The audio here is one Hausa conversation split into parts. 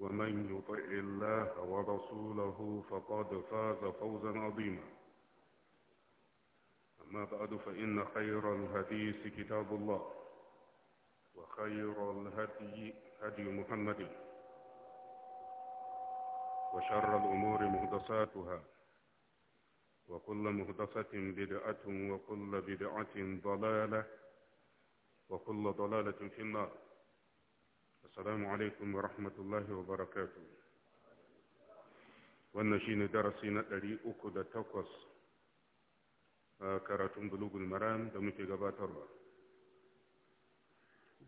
ومن يطع الله ورسوله فقد فاز فوزا عظيما أما بعد فإن خير الحديث كتاب الله وخير الهدي هدي محمد وشر الأمور مهدساتها وكل مهدسة بدعة وكل بدعة ضلالة وكل ضلالة في النار Assalamu alaikum wa rahmatullahi wa barakatu. Wannan shi ne darasi na ɗari uku da takwas a karatun bulugul maram da muke gabatarwa.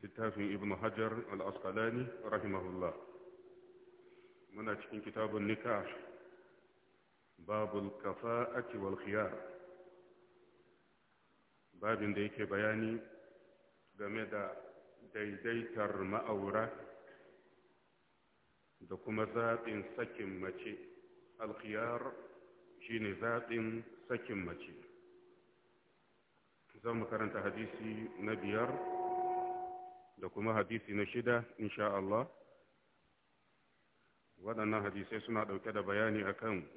Littafin Ibn Hajar al-Asqalani rahimahullah. Muna cikin kitabun nikah babul kafa'ati wal khiyar. Babin da yake bayani game da daidaitar ma'aura da kuma zaɓin sakin mace alkhiyar shine zaɓin sakin mace Zan makaranta hadisi na biyar da kuma hadisi na shida insha Allah waɗannan hadisai suna ɗauke da bayani akan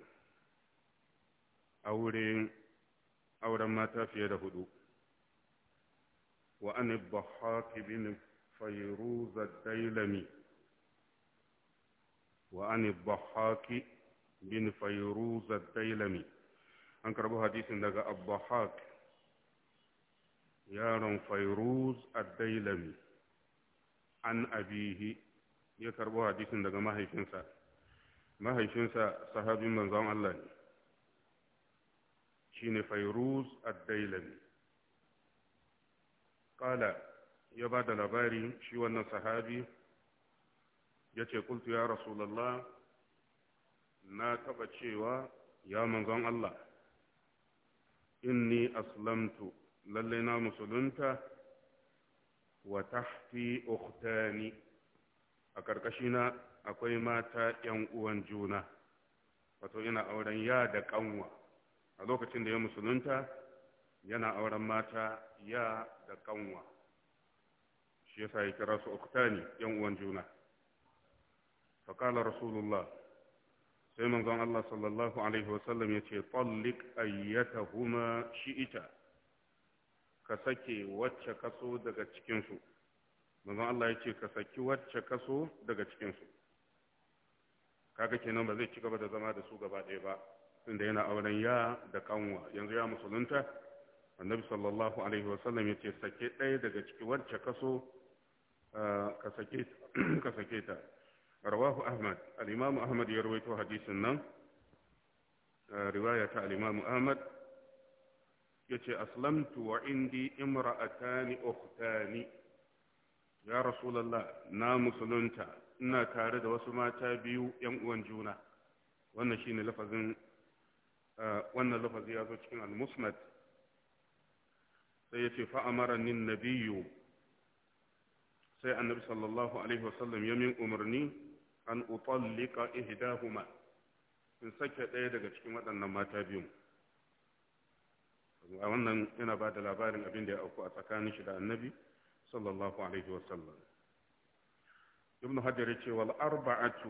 auren mata fiye da hudu وأن الضحاك بن فيروز الديلمي وأن الضحاك بن فيروز الديلمي أنكره حديث لك الضحاك رم فيروز الديلمي عن أبيه يكره حديث لك ما هي فنسا ما هي فنسا صحابي من زمان الله شين فيروز الديلمي ƙala ya ba da labari shi wannan sahabi ya ce kultu ya rasulallah na taɓa cewa ya manzon Allah inni aslamtu lallai na musulunta wa tahti ukhtani a ƙarƙashina akwai mata ‘yan uwan juna wato ina auren ya da ƙanwa a lokacin da ya musulunta yana auren mata ya da kanwa shi yasa ya kira su uktani yan uwan juna kala rasulullah sai manzon Allah sallallahu alaihi wasallam ya ce talliq ayyatahuma shi'ita ka sake wacce kaso daga cikinsu manzon Allah ya ce ka saki wacce kaso daga cikinsu kaga kenan ba zai ci gaba da zama da su gaba ɗaya ba tunda yana auren ya da kanwa yanzu ya musulunta annabi sallallahu alaihi wasallam ya ce sake ɗaya daga ciki wacce kaso ah, ka sake ta rawahu ahmad al-imamu ahmad ya rawaito hadisin nan ah, riwaya ta al-imamu ahmad ya ce aslamtu wa indi imra'atani ukhtani ya rasulallah na musulunta ina tare da wasu mata biyu yan uwan juna wannan shine lafazin ah, wannan lafazi ya zo cikin al-musnad sai ya ce fa'amaranin nabiyu sai annabi sallallahu alaihi wasallam ya min umarni an utallika ihdahuma in sake ɗaya daga cikin waɗannan mata biyu a wannan yana ba da labarin abin da ya auku a tsakanin shi da annabi sallallahu alaihi wasallam ibn hajar ya ce wal arba'atu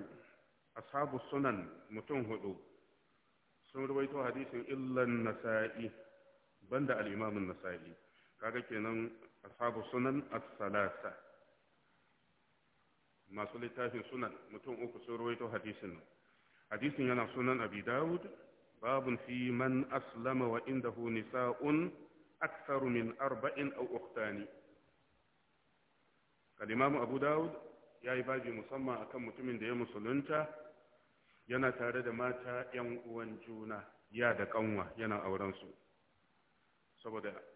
ashabu sunan mutum hudu sun ruwaito hadisin illan nasa'i banda al-imam nasai kaga kenan ashabu sunan as-salasa masu littafin sunan mutum uku sun ruwaito hadisin nan hadisin yana sunan abi dawud babun fi man aslama wa indahu nisa'un aktharu min arba'in aw ukhtani kalimamu abu dawud ya yi baji musamman akan mutumin da ya musulunta yana tare da mata 'yan uwan juna ya da kanwa yana aurensu saboda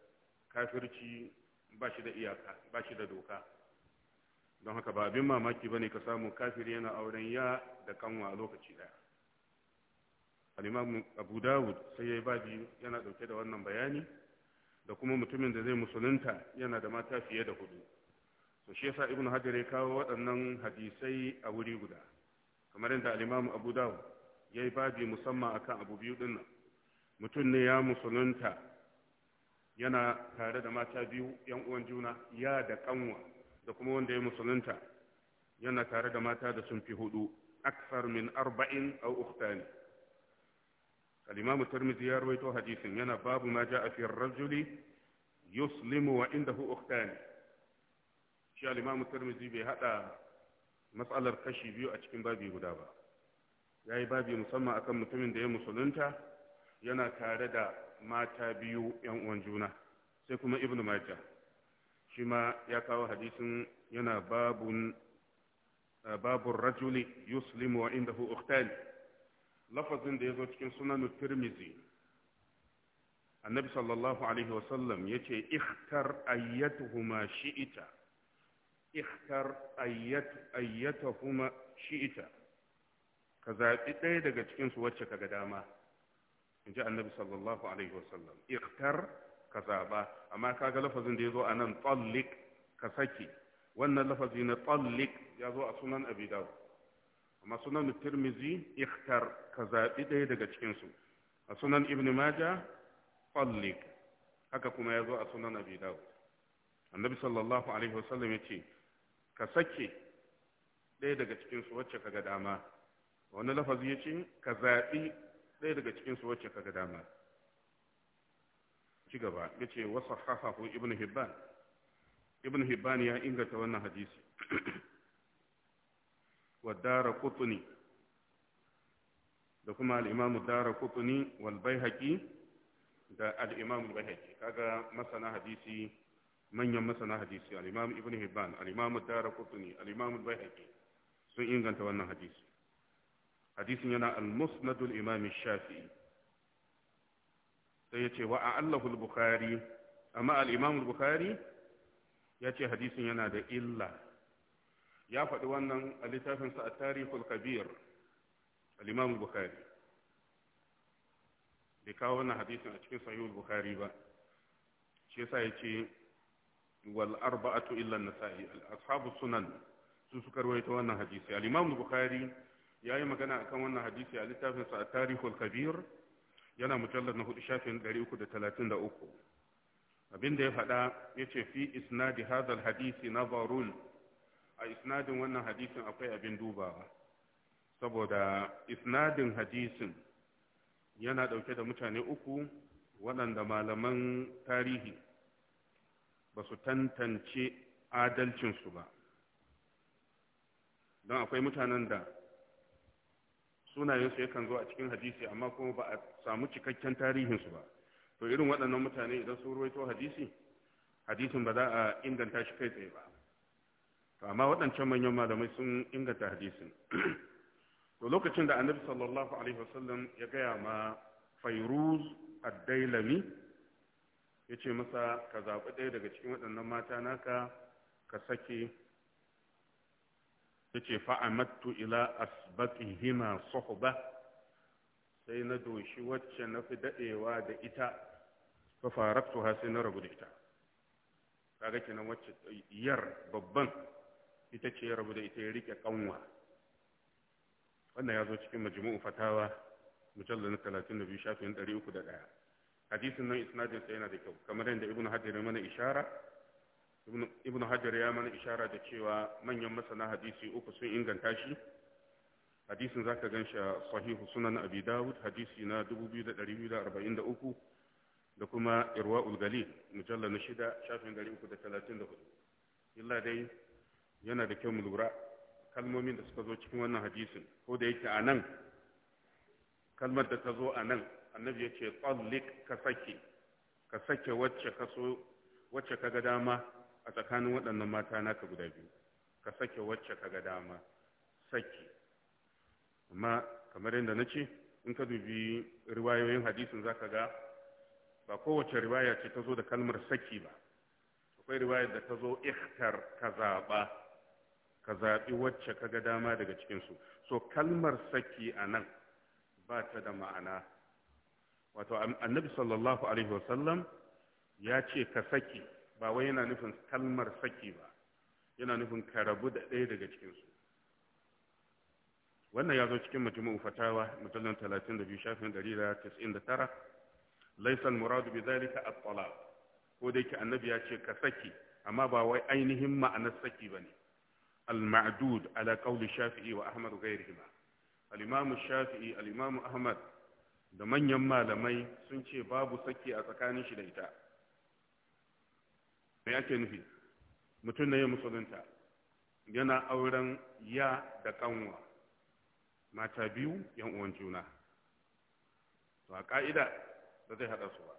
kafirci ba shi da iyaka ba shi da doka don haka ba abin mamaki ba ne ka samu kafiri yana auren ya da kanwa a lokaci daya al'imamu abu dawud sai ya yi babi yana dauke da wannan bayani da kuma mutumin da zai musulunta yana da mata fiye da hudu to shi yasa ibnu hajar ya kawo waɗannan hadisai a wuri guda kamar yadda al'imamu abu dawud ya yi babi musamman akan abu biyu dinnan mutum ne ya musulunta yana tare da mata biyu yan uwan juna ya da kanwa da kuma wanda ya musulunta yana tare da mata da sun fi hudu aksar min arba'in aw ukhtani al-imam tirmidhi ya rawaito hadisin yana babu ma ja'a fi ar-rajuli yuslimu wa indahu ukhtani shi al-imam tirmidhi bai hada matsalar kashi biyu a cikin babi guda ba yayi babi musamman akan mutumin da ya musulunta yana tare da mata biyu yan uwan juna sai kuma ibnu maja shi ma ya kawo hadisin yana babun eh, babun rajuli yuslimu wa indahu ukhtani lafazin da ya zo cikin sunan tirmizi annabi sallallahu alaihi wasallam ya ce ikhtar ayyatuhuma shi'ita ikhtar ayyatuhuma shi'ita ka zaɓi ɗaya daga cikinsu wacce ka ga dama in ji annabi sallallahu alaihi wasallam ikhtar ka zaɓa amma kaga lafazin da ya zo a nan tsallik ka saki wannan lafazi na tsallik ya zo a sunan abi dawud amma sunan turmizi ikhtar ka zaɓi ɗaya daga cikinsu a sunan ibn maja tsallik haka kuma ya zo a sunan abi annabi sallallahu alaihi wasallam ya ce ka sake ɗaya daga cikinsu wacce ka ga dama wani lafazi ya ce ka zaɓi ɗaya daga cikin su wacce kaga dama ci gaba yace wa sahahahu ibnu hibban ibnu hibban ya inganta wannan hadisi wa dara qutni da kuma al-imam dara qutni wal haƙi da al-imam al kaga masana hadisi manyan masana hadisi al-imam ibnu hibban al-imam dara qutni al-imam al sun inganta wannan hadisi hadisin yana al-musnad al-imam shafi'i sai yace wa a al-bukhari amma al-imam al hadisin yana da illa ya faɗi wannan a littafin sa at kabir al-imam kawo wannan hadisin a cikin sahih ba shi yasa ce wal arba'atu illa an-nasa'i sunan wannan hadisi al-imam ya yi magana a kan wannan hadisi a littafinsa a tarihul kabir yana mujallar na hudu shafin Abin da ya faɗa ya ce fi isnadi hadal hadisi na barul a isnadin wannan hadisin akwai abin dubawa saboda isnadin hadisin yana ɗauke da mutane uku waɗanda malaman tarihi ba su tantance adalcinsu ba don akwai mutanen da sunayensu yakan zo a cikin hadisi amma kuma ba a samu cikakken tarihinsu ba to irin waɗannan mutane idan sun ruwaito hadisi hadisin ba za a inganta shi kai tsaye ba to amma waɗancan manyan malamai sun inganta hadisin to lokacin da annabi sallallahu alaihi wasallam ya gaya ma fairuz ad-dailami ya ce masa ka zaɓi ɗaya daga cikin waɗannan mata naka ka sake tace fa'amattu ila asbatihima suhba sai na doshi wacce na fi dadewa da ita fa faraktuha sai na rabu da ita kaga kenan wacce yar babban ita ce ya rabu da ita ya rike kanwa wannan ya zo cikin majmu'u fatawa mujallal na 32 shafin 301 hadisin nan isnadin sai yana da kyau kamar yadda ibnu hajar mana ishara ibn hajar ya mana ishara da cewa manyan masana hadisi uku sun inganta shi hadisin za ka ganshi sahihu sunan abi dawud hadisi na 2243 da kuma irwa ulgali mujallar na shida shafin 334 illa dai yana da kyau mu lura kalmomin da suka zo cikin wannan hadisin ko da yake a nan kalmar da ta zo a nan annabi ya ce tsallik ka sake ka sake wacce ka so wacce ka ga dama a tsakanin waɗannan mata naka guda biyu ka sake wacce ka ga dama sake amma kamar yadda na ce in ka dubi riwayoyin hadisin za ka ga ba kowace riwaya ce ta zo da kalmar saki ba akwai riwayar da ta zo ikhtar ka zaɓa ka zaɓi wacce ka ga dama daga cikinsu so kalmar saki a nan ba ta da ma'ana wato annabi sallallahu alaihi wasallam ya ce ka saki ba wai yana nufin kalmar saki ba yana nufin ka rabu da ɗaya daga cikinsu wannan ya zo cikin majmu'u fatawa mujallal 32 shafin 199 laysa al-muradu bi dhalika at-talaq ko dai ki annabi ya ce ka saki amma ba wai ainihin ma'anar saki bane al-ma'dud ala qawli shafi'i wa ahmad ghayrihima al-imam shafi'i al-imam ahmad da manyan malamai sun ce babu saki a tsakanin shi da ita me ake nufi mutum na yi musulunta yana auren ya da kanwa mata biyu yan uwan juna to a ka'ida ba zai haɗa su ba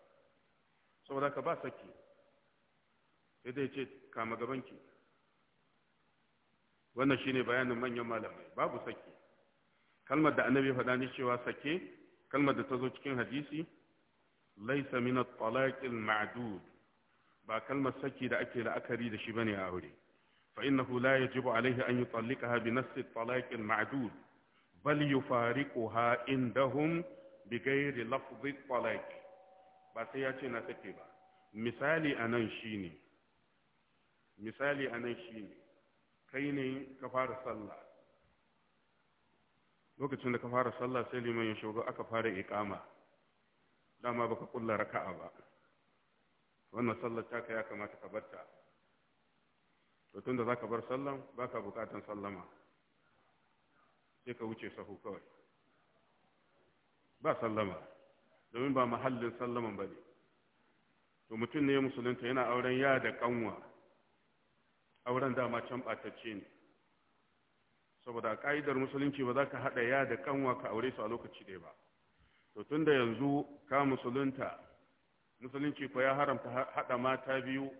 saboda ka ba saki sai dai ce kama gabanki wannan shine bayanin manyan malamai babu saki kalmar da annabi faɗa ni cewa sake kalmar da ta zo cikin hadisi laisa min at-talaq madud ba kalmar saki da ake la'akari da shi bane a aure fa innahu la yajibu alaihi an yutalliqaha bi nass at-talaq al-ma'dud bal yufariquha indahum bi ghairi lafz at-talaq ba sai ya ce na sake ba misali anan shine misali anan shine kai ne ka fara sallah lokacin da ka fara sallah sai liman ya shigo aka fara iqama dama baka kulla raka'a ba wannan sallar taka ya kamata ka barta to tunda zaka bar sallan baka bukatan sallama sai ka wuce sahu kawai ba sallama domin ba mahallin sallaman ba ne to mutum ne musulunta yana auren ya da kanwa auren dama can ɓatacce ne saboda ƙa'idar musulunci ba za ka haɗa ya da kanwa ka aure su a lokaci ɗaya ba to tun da yanzu ka musulunta musulunci ko ya haramta haɗa mata biyu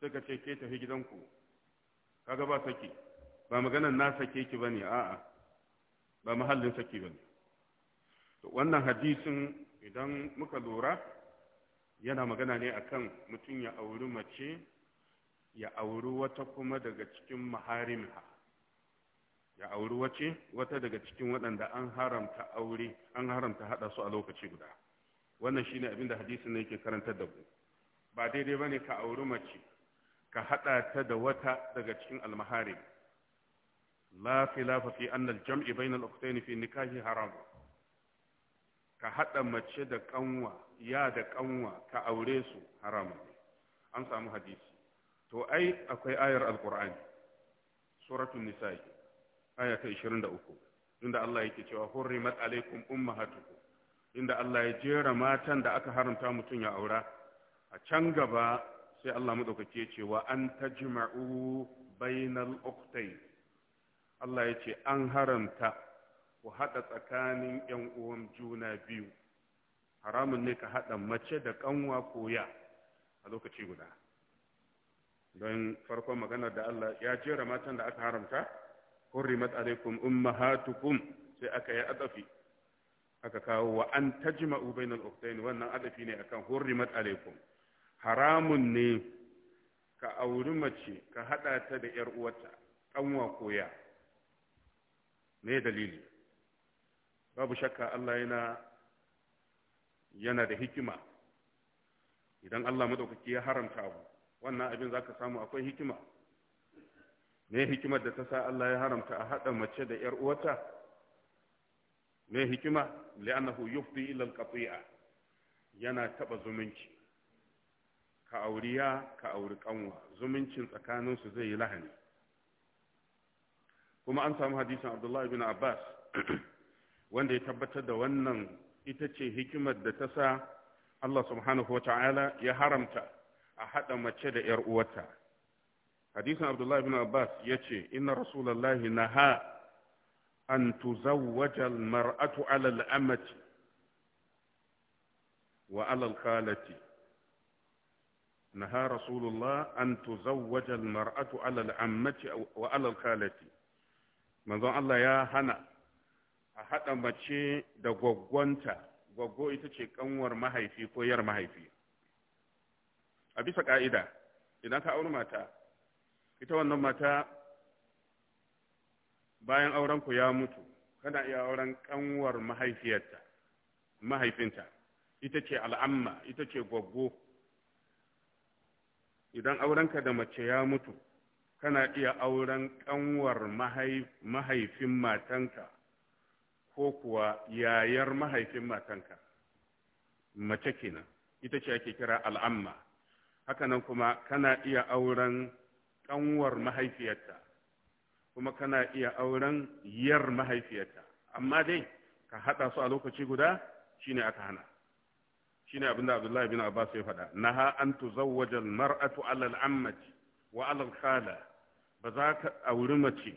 suka ce ke tafi gidanku kaga ba saki ba maganar na sake ki bane a'a ba mahallin saki bane to wannan hadisin idan muka lura yana magana ne akan mutum ya auri mace ya auri wata kuma daga cikin maharimha ya auri wace wata daga cikin waɗanda an haramta aure an haramta haɗa su a lokaci guda wannan shine abin da hadisin ne yake karantar da ku ba daidai bane ka auri mace ka hada ta da wata daga cikin almahari la khilafa fi anna al-jam'i bayna al-ukhtayn fi nikahi haram ka hada mace da kanwa ya da kanwa ka aure su haram an samu hadisi to ai akwai ayar alqur'ani suratul nisa aya ta 23 inda Allah yake cewa hurrimat alaikum ummahatukum inda Allah ya jera matan da aka haramta mutum ya aura a can gaba sai Allah madaukake cewa an jima'u bainal oktai Allah ya ce an haramta ku hada tsakanin yan uwan juna biyu haramun ne ka haɗa mace da ƙanwa koya a lokaci guda don farkon maganar da Allah ya jera matan da aka haramta hurrimat alaikum ummahatukum sai aka yi adafi aka kawo wa an tajma'u bainal uktain wannan adafi ne akan hurrimat alaikum haramun ne ka auri mace ka hada ta da yar uwarta kanwa koya me dalili babu shakka Allah yana yana da hikima idan Allah madaukaki ya haramta abu wannan abin zaka samu akwai hikima Me hikimar da ta sa Allah ya haramta a hada mace da yar uwarta me hikima li'annahu yufdi ila al yana taba zumunci ka auriya ka auri kanwa zumuncin tsakanin su zai yi lahani kuma an samu hadisin Abdullah bin Abbas wanda ya tabbatar da wannan ita ce hikimar da ta sa Allah subhanahu wa ta'ala ya haramta a haɗa mace da ‘yar uwarta Hadisin Abdullah bin Abbas ya ce, Inna Rasulallah na ha an tuzawwaja almar'atu ala al'amati wa ala نهى رسول الله أن تزوج المرأة على العمة وعلى الخالة manzon Allah ya hana a haɗa mace da gwaggwanta gwaggo ita ce kanwar mahaifi ko yar mahaifi a bisa ƙa'ida idan ka auri mata ita wannan mata bayan aurenku ya mutu kana iya auren kanwar mahaifiyarta mahaifinta ita ce al'amma ita ce gwaggo idan aurenka da mace ya mutu kana iya auren kanwar mahaifin matanka ko kuwa yayar mahaifin matanka mace kenan ita ce ake kira al'amma hakanan kuma kana iya auren kanwar mahaifiyarta kuma kana iya auren yar mahaifiyarta amma dai ka haɗa su a lokaci guda shine aka hana shine abin da Abdullahi bin Abbas ya faɗa naha an tuzawwaja al-mar'atu 'ala al wa 'ala ba za ka auri mace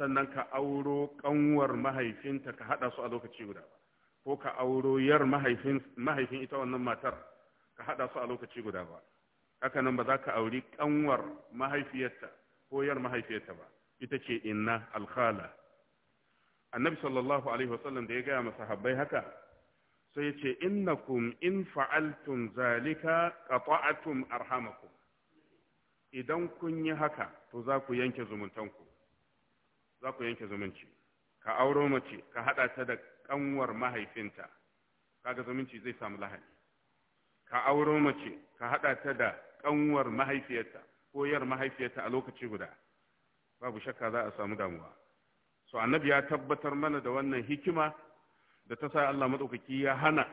sannan ka auro kanwar mahaifinta ka haɗa su a lokaci guda ba ko ka auro yar mahaifin mahaifin ita wannan matar ka haɗa su a lokaci guda ba haka nan ba za ka auri kanwar mahaifiyarta ko yar mahaifiyarta ba ita ce inna alkhala annabi sallallahu alaihi wasallam da ya gaya masa habbai haka sai ya ce innakum in fa'altum zalika qata'tum arhamakum idan kun yi haka to za ku yanke zumuntanku za ku yanke zumunci ka auro mace ka hada ta da kanwar mahaifinta kaga zumunci zai samu lahani ka auro mace ka hada ta da kanwar mahaifiyarta ko yar mahaifiyarta a lokaci guda babu shakka za a samu damuwa so annabi ya tabbatar mana da wannan hikima da ta sa Allah madaukaki ya hana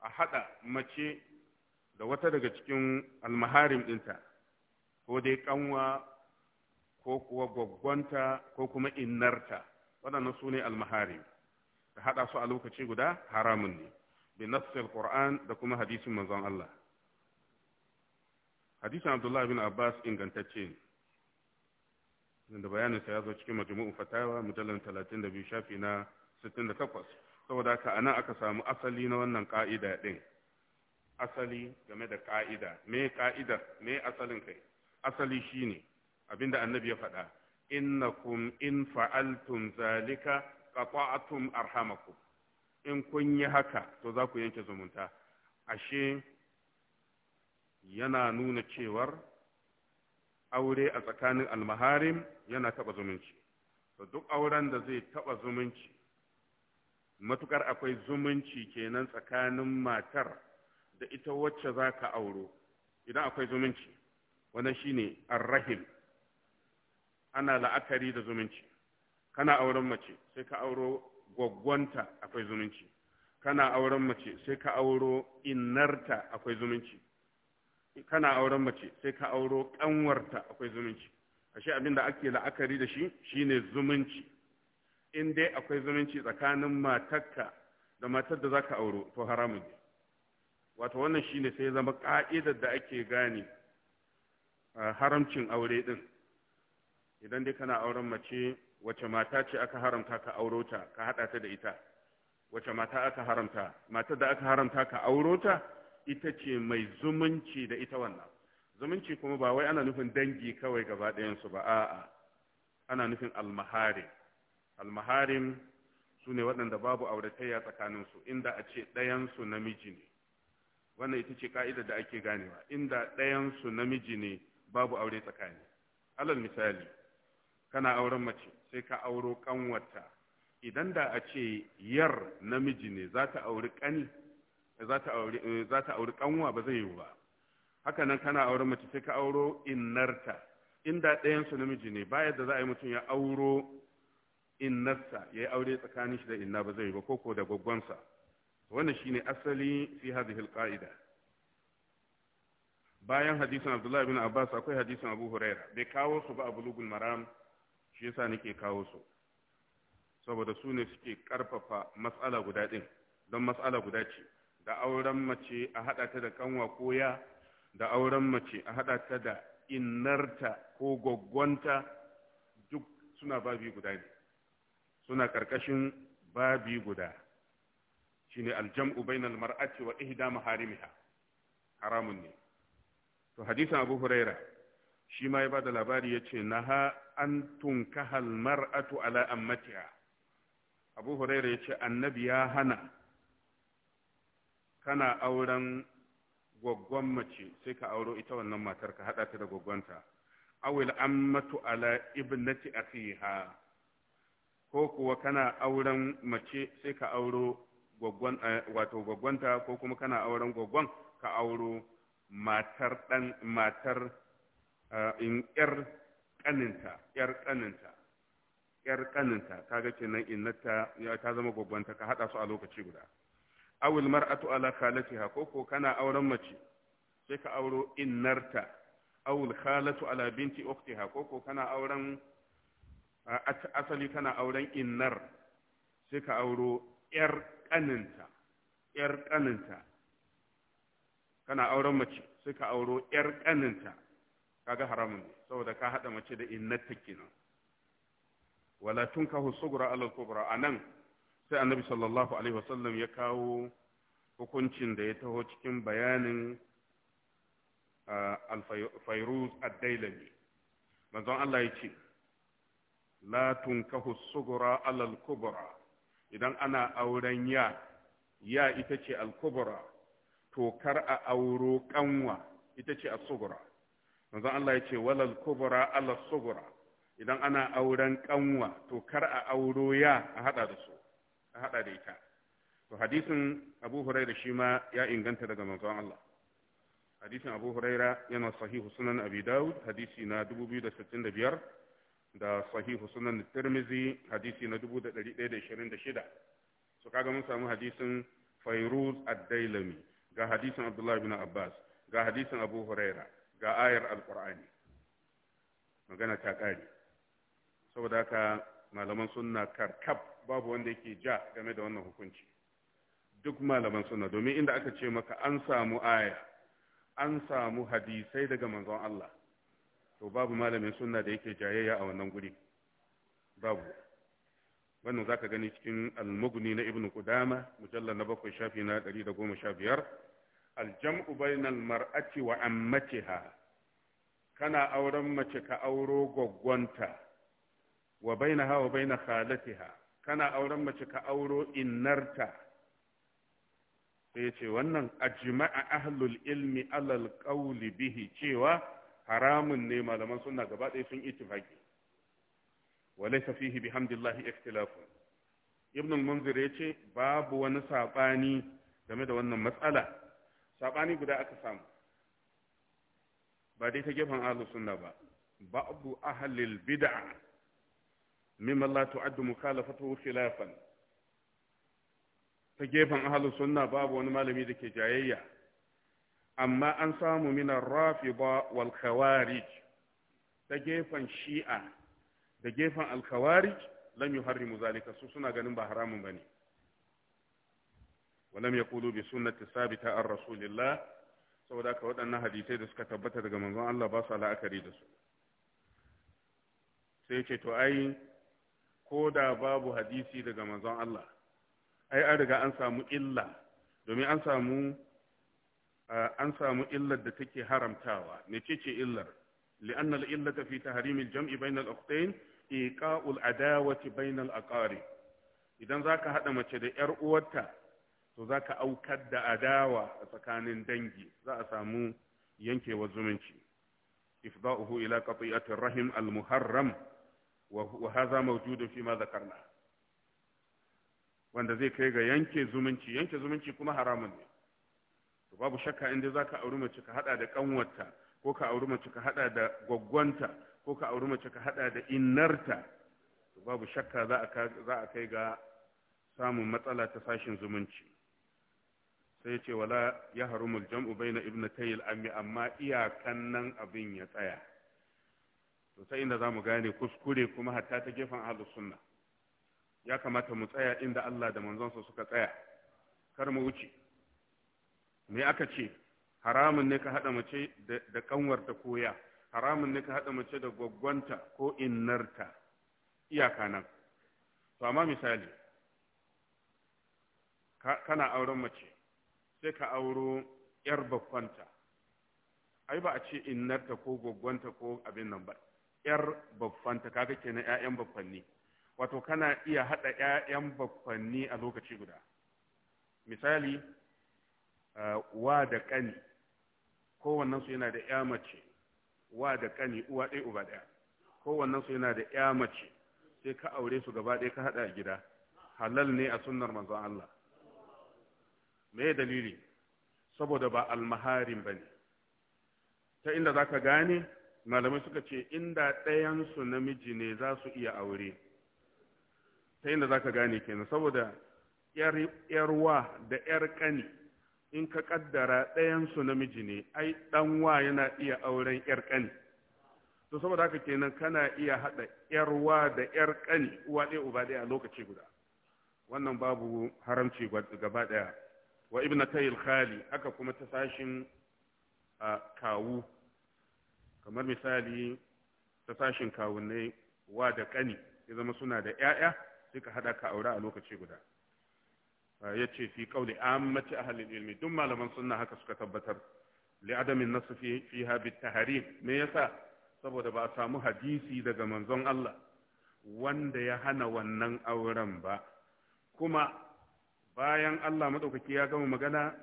a hada mace da wata daga cikin almaharim dinta ko dai kanwa ko kuwa gwaggwanta ko kuma innarta waɗannan su ne almaharim ka hada su a lokaci guda haramun ne bi nassil qur'an da kuma hadisin manzon Allah hadisin Abdullahi bin Abbas ingantacce ne da bayaninsa ya zo cikin majmu'u fatawa mujallar talatin shafi na sittin saboda haka anan aka samu asali na wannan ka'ida din asali game da ka'ida me ka'ida me asalin kai asali shine abinda annabi ya faɗa innakum in fa'altum zalika qata'tum arhamakum in kun yi haka to za ku yanke zumunta ashe yana nuna cewar aure a tsakanin almaharin yana taba zumunci to duk auren da zai taɓa zumunci matukar akwai zumunci kenan tsakanin matar da ita wacce za ka auro idan akwai zumunci wannan shine arrahim ana la'akari da zumunci kana auren mace sai ka auro gwaggwanta akwai zumunci kana auren mace sai ka auro innarta akwai zumunci kana auren mace sai ka auro kanwarta akwai zumunci ashe abin da ake la'akari da shi shine zumunci in dai akwai zumunci tsakanin matarka da matar da zaka auro to haramun ne wato wannan shine sai zama ka'idar da ake gane haramcin aure din idan dai kana auren mace wace mata ce aka haramta ka auro ta ka hada ta da ita wace mata aka haramta matar da aka haramta ka auro ta ita ce mai zumunci da ita wannan zumunci kuma ba wai ana nufin dangi kawai gaba ɗayansu ba a'a ana nufin almaharin almaharin su ne waɗanda babu auratayya tsakaninsu inda a ce ɗayansu namiji ne wannan ita ce ka'idar da ake ganewa inda ɗayansu namiji ne babu aure tsakani alal misali kana auren mace sai ka auro kanwata idan da a ce yar namiji ne za ta auri kani. za ta auri kanwa eh, ba zai yiwu ba haka nan kana auren mace sai ka auro innarta inda ɗayan su namiji ne ba yadda za a yi mutum ya auro innarsa ya yi aure tsakanin shi da inna ba zai yi ba ko da gwaggwansa wannan ne asali fi hadhihi alqaida bayan hadisin Abdullahi bin Abbas akwai hadisin Abu Huraira bai kawo su ba a bulugul maram shi yasa nake kawo su saboda su ne suke karfafa matsala guda din don matsala guda ce da auren mace a haɗa ta da kanwa koya da auren mace a haɗa ta da innarta ko gwaggwanta duk suna babi guda ne suna ƙarƙashin babi guda shine aljam'u bainal mar'ati wa ihda maharimiha haramun ne to hadisin abu huraira shi ma ya ba da labari ya ce na ha an tunkahal mar'atu ala ammatiha abu huraira ya ce annabi ya hana kana auren gwaggon mace sai ka auro ita wannan matar ka haɗa ta da ta awil ammatu ala ibnati akhiha ko kuwa kana auren mace sai ka auro gwaggon eh, wato ta ko kuma kana auren gwaggon ka auro matar dan matar eh, in yar kaninta yar kaninta yar kaninta kaga kenan innata ya ta zama ta ka haɗa su a lokaci guda awil mar'atu ala khalatiha ko ko kana auren mace sai ka auro innarta awil khalatu ala binti ukhtiha ko ko kana auren asali kana auren innar sai ka auro yar kaninta yar kaninta kana auren mace sai ka auro yar kaninta kaga haramun saboda ka hada mace da innarta kenan wala tunkahu sugra ala kubra anan sai annabi sallallahu alaihi wasallam ya kawo hukuncin da ya taho cikin bayanin alfairuz ad-dailami manzon Allah ya ce la tunkahu sugura al kubra idan ana auren ya ya ita ce al-kubra to kar a auro kanwa ita ce as-sugura manzon Allah ya ce walal kubra ala sugura idan ana auren kanwa to kar a auro ya a hada da su a hada da ita to hadisin Abu Hurairah shi ma ya inganta daga manzon Allah hadisin Abu Hurairah yana sahihu sunan Abi Dawud hadisi na 2065 da sahihu sunan Tirmidhi hadisi na 1126 so kaga mun samu hadisin Fairuz ad-Dailami ga hadisin Abdullah ibn Abbas ga hadisin Abu Hurairah ga ayar Al-Qur'ani magana ta kare saboda haka malaman sunna karkab babu wanda yake ja game da wannan hukunci duk malaman suna domin inda aka ce maka an samu aya an samu hadisai daga manzon Allah to babu malamin sunna da yake jayayya a wannan guri babu wannan zaka gani cikin al-mughni na ibnu qudama mujallal na bakwai shafi na 115 al-jam'u bainal mar'ati wa ammatiha kana auren mace ka auro gwaggwanta wa bainaha wa bain khalatiha kana auren mace ka auro innarta sai ya ce wannan ajma'a ahlul ilmi alal qawli bihi cewa haramun ne malaman sunna gaba ɗaya sun ittifaqi wa laysa fihi bihamdillahi ikhtilafun ibn al-munzir yace babu wani sabani game da wannan matsala sabani guda aka samu ba dai ta gefen ahlus sunna ba babu ahlil bid'a mimman la tu'addu mukhalafatuhu khilafan ta gefen ahlus sunna babu wani malami da ke jayayya amma an samu min ar-rafida wal khawarij ta gefen shi'a da gefen al-khawarij lam yuharrimu zalika su suna ganin ba haramun bane ولم يقولوا بسنة ثابتة عن رسول الله saboda haka waɗannan hadisai da suka tabbata daga manzon Allah ba su la'akari da su sai ce to ai ko da babu hadisi daga manzon Allah ai an riga an samu illa domin an samu an samu illar da take haramtawa mecece illar li'anna al-illata fi tahrim al-jam'i bayna al-ukhtayn iqa'ul adawati bayna al-aqarib idan zaka haɗa mace da yar uwarta to zaka aukar da adawa a tsakanin dangi za a samu yankewa zumunci ifda'uhu ila qati'atir rahim al-muharram wa haza mawjudun fi ma zakarna wanda zai kai ga yanke zumunci yanke zumunci kuma haramun ne to babu shakka inda zaka auri mace ka hada da kanwarta ko ka auri mace ka hada da gwaggwanta ko ka auri mace ka hada da innarta to babu shakka za a kai ga samun matsala ta sashin zumunci sai ce wala ya harumul jam'u ibnu ibnatayil ammi amma iyakan nan abin ya tsaya to sai inda zamu gane kuskure kuma hatta ta gefen ahlus sunna ya kamata mu tsaya inda Allah da manzonsa suka tsaya kar mu wuce me aka ce haramun ne ka hada mace da kanwar ta koya haramun ne ka hada mace da gwaggwanta ko innarta iyaka nan to amma misali kana auren mace sai ka auro yar babbanta ai ba a ce innarta ko gwaggwanta ko abin nan ba yar baffanta kaga kenan ƴaƴan baffanni wato kana iya haɗa ƴaƴan baffanni a lokaci guda misali uh, wa da ƙani kowannensu yana da ƴa mace wa da ƙani uwa ɗaya uba ɗaya kowannensu yana da ƴa mace sai ka aure su gaba ɗaya ka haɗa a gida halal ne a sunnar manzon Allah me dalili saboda ba almaharin bane ta inda zaka gane malamai suka ce inda ɗayansu namiji ne za su iya aure ta inda za ka gane kenan saboda yarwa da yar ƙani in ka ƙaddara ɗayansu namiji ne ai ɗanwa yana iya auren yar ƙani to saboda haka kenan kana iya haɗa yarwa da yar ƙani uwa ɗaya uba ɗaya a lokaci guda wannan babu haramci gaba ɗaya wa ibna tayil khali haka kuma ta sashin kawu kamar misali ta sashin kawunai wa da ƙani ya zama suna da 'ya'ya suka haɗa ka aure a lokaci guda ah, ya ce fi mace a halin ilmi duk malaman suna haka suka tabbatar li adamin nasu fi habi bit me yasa saboda ba a samu hadisi daga manzon Allah wanda ya hana wannan auren ba kuma bayan Allah maɗaukaki ya gama magana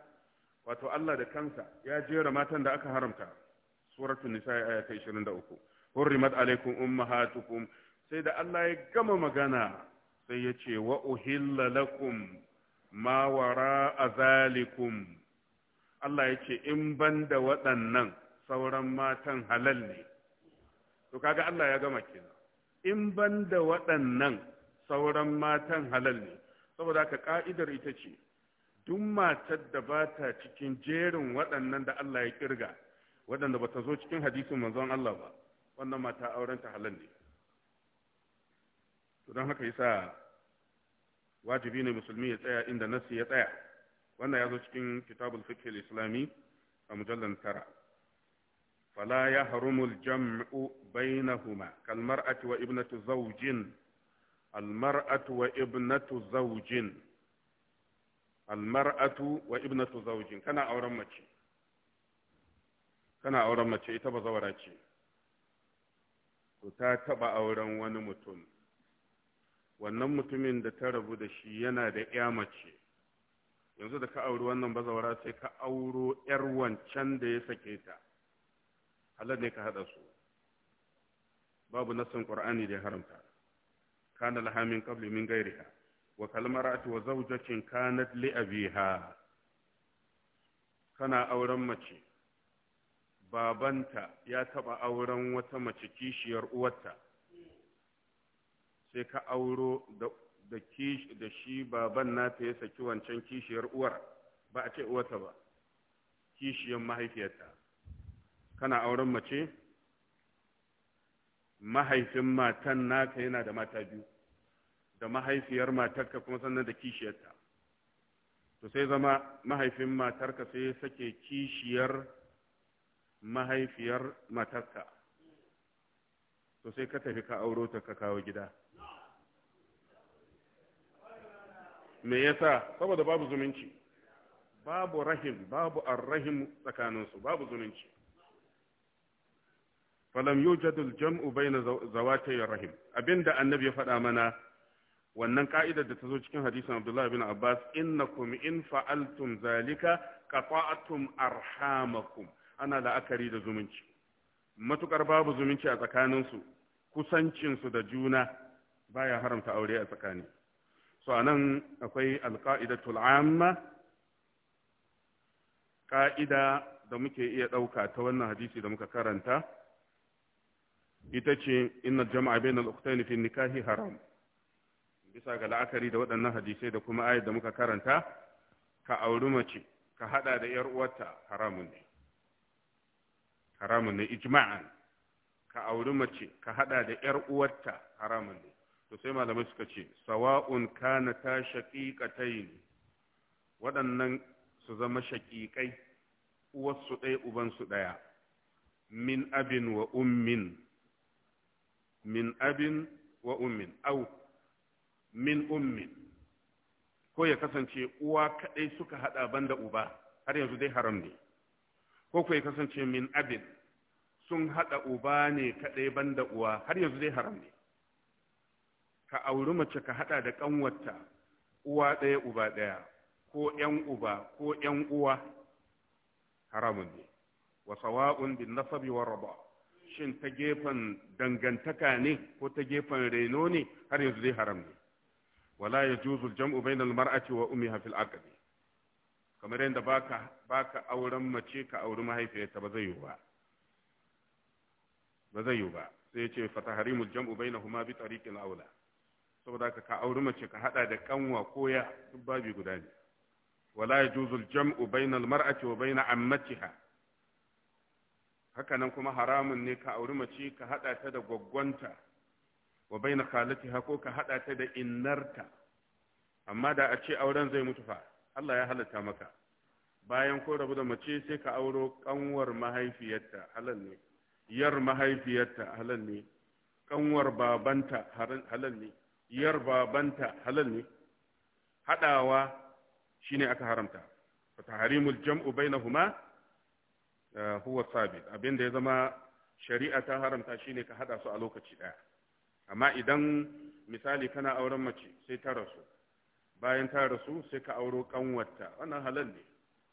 wato Allah da kansa ya jera matan da aka haramta suratul nisa aya ta 23 hurrimat alaikum ummahatukum sai da Allah ya gama magana sai ya ce wa uhilla lakum ma wara azalikum Allah ya ce in ban da waɗannan sauran matan halal ne to kaga Allah ya gama kenan in ban da waɗannan sauran matan halal ne saboda haka ka'idar ita ce duk matar da ba ta cikin jerin waɗannan da Allah ya kirga waɗanda ba ta zo cikin hadisin manzon Allah ba wannan mata auren ta halal ne to don haka yasa wajibi ne musulmi ya tsaya inda nasi ya tsaya wannan ya zo cikin kitabul fiqh islami a mujallal tara fala ya harumul jam'u bainahuma kal mar'ati wa ibnatu zawjin kana auren mace tana auren mace ita ba zawara ce to ta taba auren wani mutum wannan mutumin da ta rabu da shi yana da ya mace yanzu da ka auri wannan bazawara sai ka auro yar wancan da ya sake ta halar ne ka haɗa su babu nassin qur'ani da ya haramta kana lahamin qabli min gairiha wa kalmaratu wa zawjatin kanat li abiha kana auren mace babanta ya taɓa auren wata mace kishiyar uwarta sai ka auro da shi baban nata ya saki wancan kishiyar uwar ba a ce uwarta ba kishiyar mahaifiyarta kana auren mace mahaifin matan naka yana da mata biyu da mahaifiyar matarka kuma sannan da kishiyarta to sai zama mahaifin matarka sai ya sake kishiyar mahaifiyar matarka to sai ka tafi ka auro ta ka kawo gida me yasa saboda babu zumunci babu rahim babu arrahim tsakaninsu babu zumunci falam yujadu aljam'u bayna ya rahim abinda annabi ya faɗa mana wannan ka'idar da ta zo cikin hadisin Abdullah bin Abbas innakum in fa'altum zalika qata'tum arhamakum ana la'akari da zumunci matukar babu zumunci a tsakaninsu kusancinsu da juna baya haramta aure a tsakani so anan akwai alƙa'idatul amma ƙa'ida da muke iya ɗauka ta wannan hadisi da muka karanta ita ce inna jama'a bainal ukhtayn fi nikahi haram bisa ga la'akari da waɗannan hadisai da kuma ayat da muka karanta ka auri mace ka hada da yar uwarta haramun ne haramun ne ijma'an ka auri mace ka hada da yar uwarta haramun ne to sai malamai suka ce sawa'un kana ta shaqiqatayn waɗannan su zama shaqiqai uwarsu ɗaya su ɗaya min abin wa ummin min abin wa ummin au min ummin ko ya kasance uwa kaɗai suka haɗa banda uba har yanzu dai haram ne ko ku kasance min abin sun haɗa uba ne kaɗai ban da uwa har yanzu dai haram ne ka auri mace ka haɗa da ƙanwarta uwa ɗaya uba ɗaya ko ƴan uba ko ƴan uwa haramun ne wa sawa'un bin nasabi wa raba shin ta gefen dangantaka ne ko ta gefen reno ne har yanzu dai haram ne wala ya juzul jam'u bainal mar'ati wa ummiha fil aqdi kamar yadda baka baka auren mace ka auri mahaifiyarta ba zai yiwu ba ba zai yiwu ba sai ya ce fata harimul jam'u bainahuma bi tariqil aula saboda ka auri mace ka hada da kanwa ko ya duk babi guda ne wala yajuzul jam'u bainal mar'ati wa bain ammatiha haka hakanan kuma haramun ne ka auri mace ka hada ta da gwaggwanta wa bain khalatiha ko ka hada ta da innarta amma da a ce auren zai mutu fa Allah ya halatta maka bayan ko rabu da mace sai ka auro kanwar mahaifiyarta halal ne yar mahaifiyarta halal ne kanwar babanta halal ne yar babanta halal ne hadawa shine aka haramta fa tahrimul jam'u bainahuma eh, huwa sabit da ya zama shari'a ta haramta shine ka hada su a lokaci daya amma idan misali kana auren mace sai ta rasu bayan ta rasu sai ka auro kanwarta wannan halal ne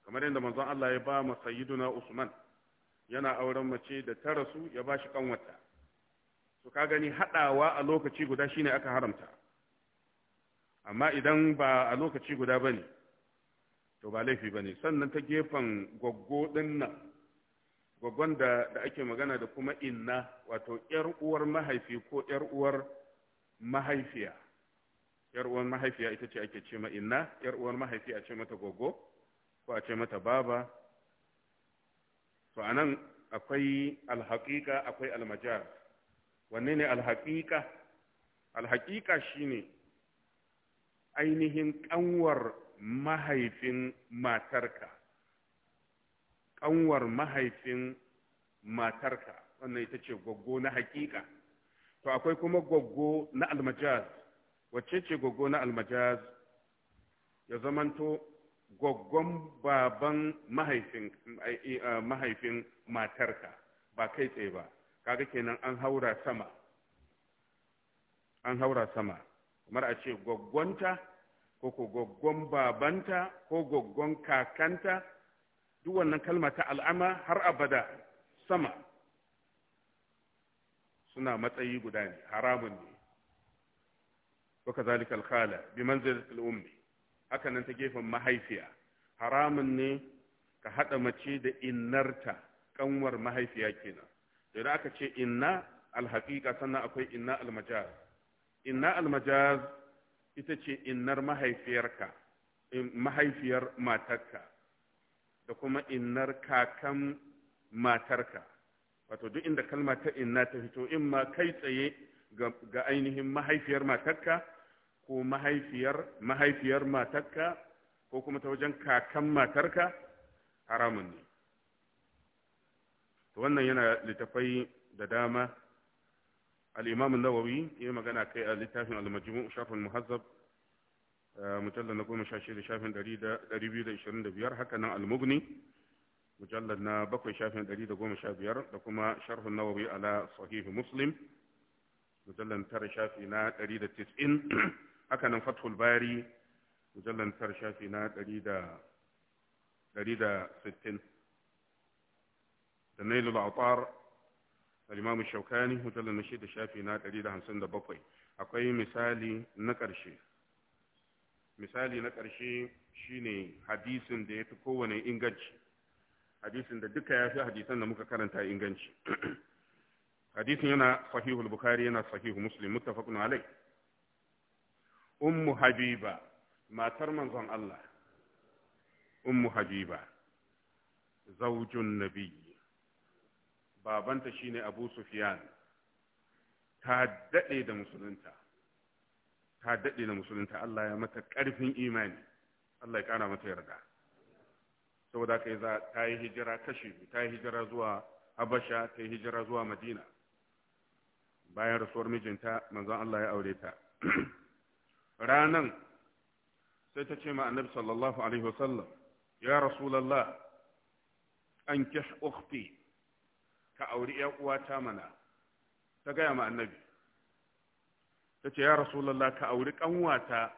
kamar yadda manzon Allah ya ba ma sayyiduna Usman yana auren mace da ta rasu ya ba shi kanwarta to ka gani hadawa a lokaci guda shine aka haramta amma idan ba a lokaci guda bane to ba laifi bane sannan ta gefen goggo din nan gwaggon da da ake magana da kuma inna wato yar uwar mahaifi ko yar uwar mahaifiya yar uwar mahaifiya ita ce ake ce ma inna yar uwar mahaifi a ce mata gogo ko a ce mata baba to anan akwai alhaqiqa akwai almajaz wanne ne alhaqiqa alhaqiqa shine ainihin kanwar mahaifin matarka kanwar mahaifin matarka wannan ita ce gogo na haƙiƙa to akwai kuma goggo na almajaz wacce ce goggo na almajaz ya zamanto goggon baban mahaifin matarka ba kai tsaye ba kaga kenan an haura sama an haura sama kamar a ce goggonta ko ko goggon babanta ko goggon kakanta duk wannan kalma ta al'ama har abada sama suna matsayi guda ne haramun ne wa kazalika al-khala bi haka nan ta gefen mahaifiya haramun ne ka haɗa mace da innarta kanwar mahaifiya kenan idan aka ce inna al sannan akwai inna al inna al ita ce innar mahaifiyarka mahaifiyar matarka da kuma innar kakan matarka wato duk inda kalma ta inna ta fito in ma kai tsaye ga ainihin mahaifiyar matarka ko mahaifiyar mahaifiyar matarka ko kuma ta wajen kakan matarka haramun ne to wannan yana littafai da dama al-imam an-nawawi yayi magana kai a littafin al-majmu' shafin muhazzab eh, mujallar na goma sha shida shafin ɗari da ɗari biyu da ishirin da biyar haka nan al-mughni Mujallar na bakwai shafin ɗari da goma sha biyar da kuma sharhun nawawi ala sahihi muslim Mujallar tara shafi na ɗari da tis'in haka nan fathul bari tar shafi na 160 da nailul autar al-imam shaukani mujallan shi da shafi na 157 akwai misali na ƙarshe misali na ƙarshe shine hadisin da ya fi kowane inganci hadisin da duka ya fi hadisan da muka karanta inganci hadisin yana sahihul bukhari yana sahihu muslim muttafaqun alayh ummu habiba matar manzon Allah ummu habiba zaujun nabiyyi babanta shine abu sufyan ta daɗe da musulunta ta daɗe da musulunta Allah ya mata ƙarfin imani Allah ya ƙara mata yarda saboda kai za ta yi hijira kashi ta yi hijira zuwa habasha ta yi hijira zuwa madina bayan rasuwar mijinta manzon Allah ya aure ta ranan sai ta ce ma annabi sallallahu alaihi wasallam ya rasulallah an kish ukhti ka auri ya uwata mana ta gaya ma annabi ta ce ya rasulallah ka auri kanwata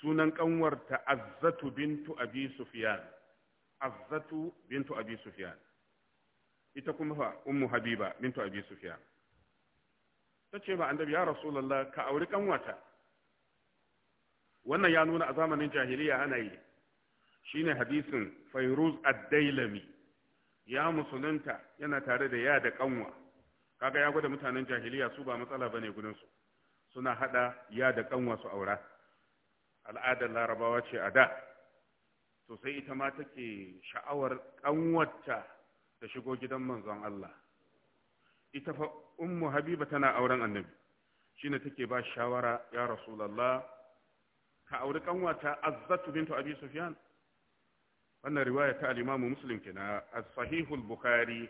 sunan kanwarta azzatu bintu abi sufyan azzatu bintu abi sufyan ita kuma fa ummu habiba bintu abi sufyan ta ce ma annabi ya rasulallah ka auri kanwata wannan ya nuna a zamanin jahiliya ana yi shine hadisin fairuz ad-dailami ya musulunta yana tare da ya da kanwa kaga ya gwada mutanen jahiliya su ba matsala bane gurin su suna hada ya da kanwa su aura al'adar larabawa ce a da to sai ita ma take sha'awar kanwarta ta shigo gidan manzon Allah ita fa ummu habiba tana auren annabi shine take ba shawara ya rasulullah ka auri kanwata azzatu bintu abi sufyan wannan riwaya ta alimamu muslim kenan as-sahihul bukhari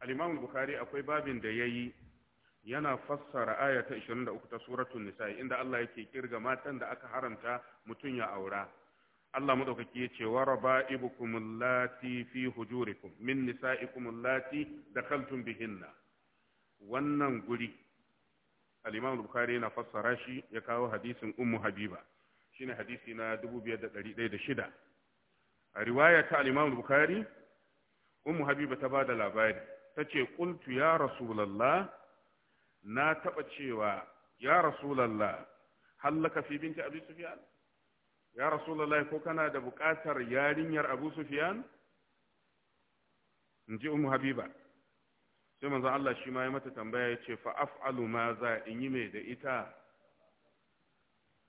alimamu bukhari akwai babin da yayi yana fassara aya ta 23 ta suratul nisa inda Allah yake kirga matan da aka haramta mutum ya aura Allah madaukaki yace wa raba'ibukum allati fi hujurikum min nisa'ikum allati dakhaltum bihinna wannan guri alimamu bukhari yana fassara shi ya kawo hadisin ummu habiba shine hadisi na 5106 a riwaya ta al bukari Bukhari Ummu Habiba ta bada labari tace qultu ya rasulullah na taba cewa ya rasulullah hallaka fi binti Abi Sufyan ya rasulullah ko kana da bukatar yarinyar Abu Sufyan inji Ummu Habiba sai manzon Allah shi ma ya mata tambaya ce fa af ma za in yi mai da ita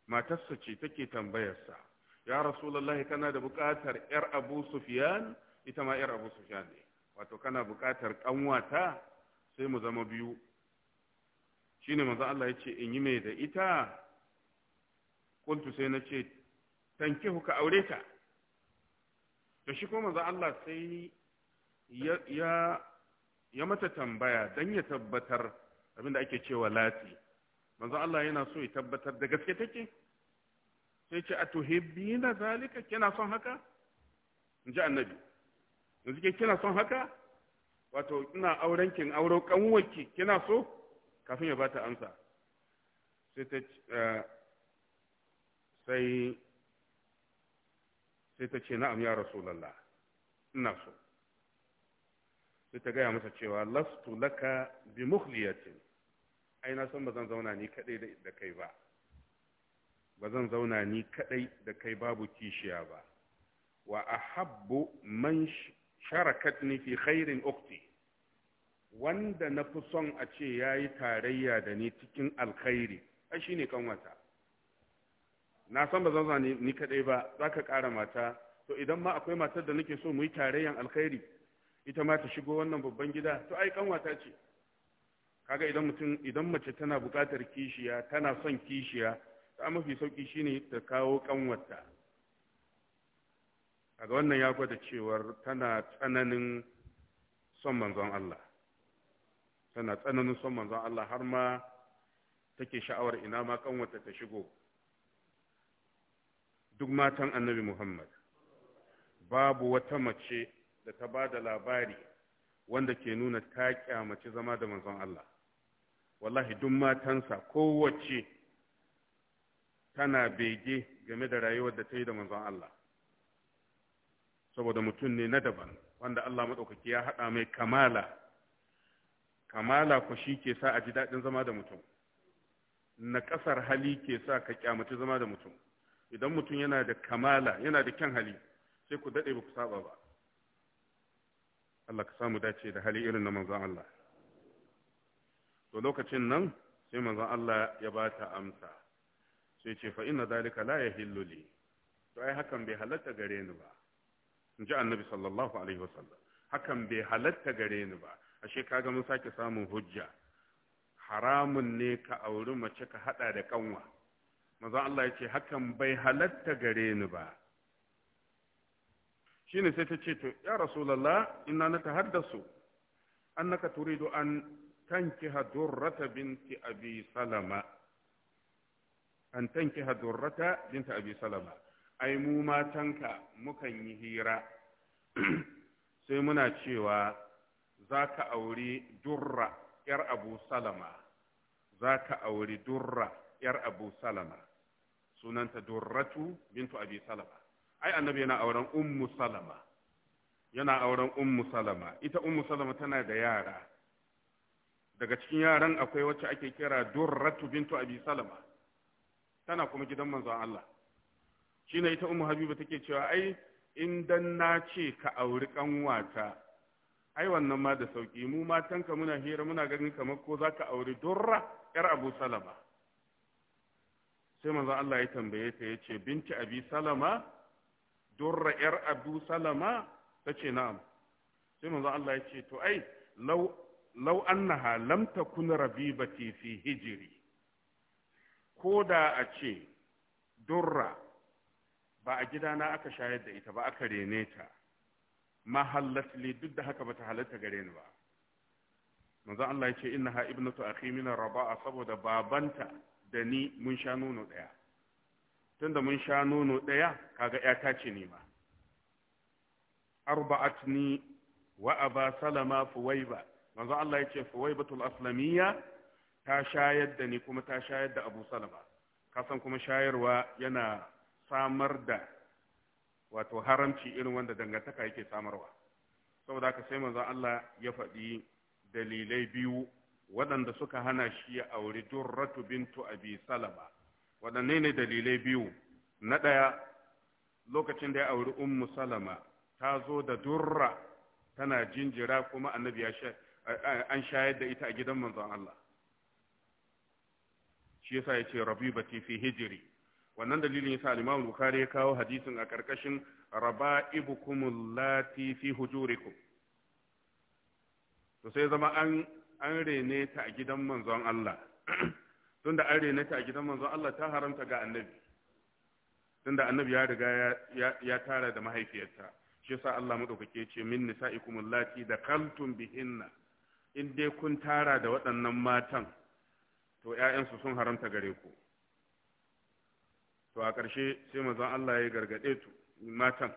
matarsa ce take tambayarsa ya rasulullahi kana da buƙatar yar abu sufyan ita ma yar abu sufyan ne wato kana buƙatar ƙanwata sai mu zama biyu shine manzo Allah ya ce in yi mai da ita kuntu sai na ce tankihu ka aure ta da shi kuma manzo Allah sai ya ya mata tambaya dan ya tabbatar abinda ake cewa lati manzo Allah yana so ya tabbatar da gaske take sai ce a na zalika kina son haka in ji annabi yanzu ke kina son haka wato ina auren kin auro kanwarki kina so kafin ya bata amsa sai ta eh, sai sai ta ce na'am ya rasulullah ina so sai ta gaya masa cewa lastu laka bi mukhliyatin ai na san ba zan zauna ni kadai da kai ba ba zan zauna ni kadai da kai babu kishiya ba wa ahabbu man sharakatni fi khairin ukti wanda na fi son a ce yayi tarayya da ni cikin alkhairi ai shine kanwata na san ba zan zauna ni kadai ba zaka ƙara mata to idan ma akwai matar da nake so mu yi tarayyan alkhairi ita ma ta shigo wannan babban gida to ai kanwata ce kaga idan mutum idan mace tana buƙatar kishiya tana son kishiya ta mafi sauki shine ta kawo kanwarta kaga wannan ya gwada cewar tana tsananin son manzon Allah tana tsananin son manzon Allah har ma take sha'awar ina ma kanwarta ta shigo duk matan annabi Muhammad babu wata mace da ta ba da labari wanda ke nuna ta kyamaci zama da manzon Allah wallahi duk matansa kowace tana bege game da rayuwar da ta yi da manzon Allah saboda mutum ne na daban wanda Allah maɗaukaki ya haɗa mai kamala kamala ku shi ke sa a ji daɗin zama da mutum na ƙasar hali ke sa ka kyamaci zama da mutum idan mutum yana da kamala yana da kyan hali sai ku daɗe ba ku saba ba Allah ka samu dace da hali irin na manzon Allah to lokacin nan sai manzon Allah ya ba ta amsa sai ce fa inna zalika la yahillu li to ai hakan bai halatta gare ni ba in ji annabi sallallahu alaihi wasallam hakan bai halatta gare ni ba ashe kaga mun sake samun hujja haramun ne ka auri mace ka hada da kanwa manzon Allah ya ce hakan bai halatta gare ni ba shine sai ta ce to ya rasulullah inna natahaddasu annaka turidu an تنكح درة بنت أبي سلمة أن تنكح درة بنت أبي سلمة أي مو ما تنكا مكن يهيرا سيمنا تشيوا ذاك أولي درة ير أبو سلمة ذاك أولي درة ير أبو سلمة سننت درة بنت أبي سلمة أي النبي أنا أوران أم سلمة ينا auren أم سلمة إذا أم سلمة تنا ديارا daga cikin yaran akwai wacce ake kira durratu bintu abi salama tana kuma gidan manzon Allah shine ita ummu habiba take cewa ai in dan na ce ka auri kanwata ai wannan ma da sauki mu matanka muna hira muna ganin kamar ko zaka auri durra yar abu salama sai manzon Allah ya tambaye ta yace binti abi salama durra yar abu salama tace na'am sai manzon Allah ya ce to ai law lau annaha lam takun rabibati fi hijiri. ko da a ce durra ba a gidana aka shayar da ita ba aka rene ta mahallat duk da haka bata halatta gare ni ba manzo Allah ya ce innaha ibnatu akhi min raba'a saboda babanta da ni mun sha nono daya tunda mun sha nono daya kaga yata ce ni ma arba'atni wa aba salama fuwaiba manzo Allah ya ce Suwaibatul Aslamiyya ta shayar da ni kuma ta shayar da Abu Salama kasan kuma shayarwa yana samar da wato haramci irin wanda dangantaka yake samarwa saboda haka sai manzo Allah ya faɗi dalilai biyu waɗanda suka hana shi ya auri Durratu bintu Abi Salama waɗanne ne dalilai biyu na ɗaya lokacin da ya auri Ummu Salama ta zo da Durra tana jinjira kuma annabi ya an shayar da ita a gidan manzon Allah shi yasa yace rabibati fi hijiri. wannan dalilin yasa al-Imam Bukhari ya kawo hadisin a karkashin raba'ibukum allati fi hujurikum to sai zama an an rene ta a gidan manzon Allah tunda an rene ta a gidan manzon Allah ta haramta ga annabi tunda annabi ya riga ya tara da mahaifiyarta shi yasa Allah madaukake ce min nisaikum allati dakaltum bihinna in dai kun tara da waɗannan matan to ‘ya'yansu sun haramta gare ku to a ƙarshe sai mazan Allah ya gargaɗe tu matan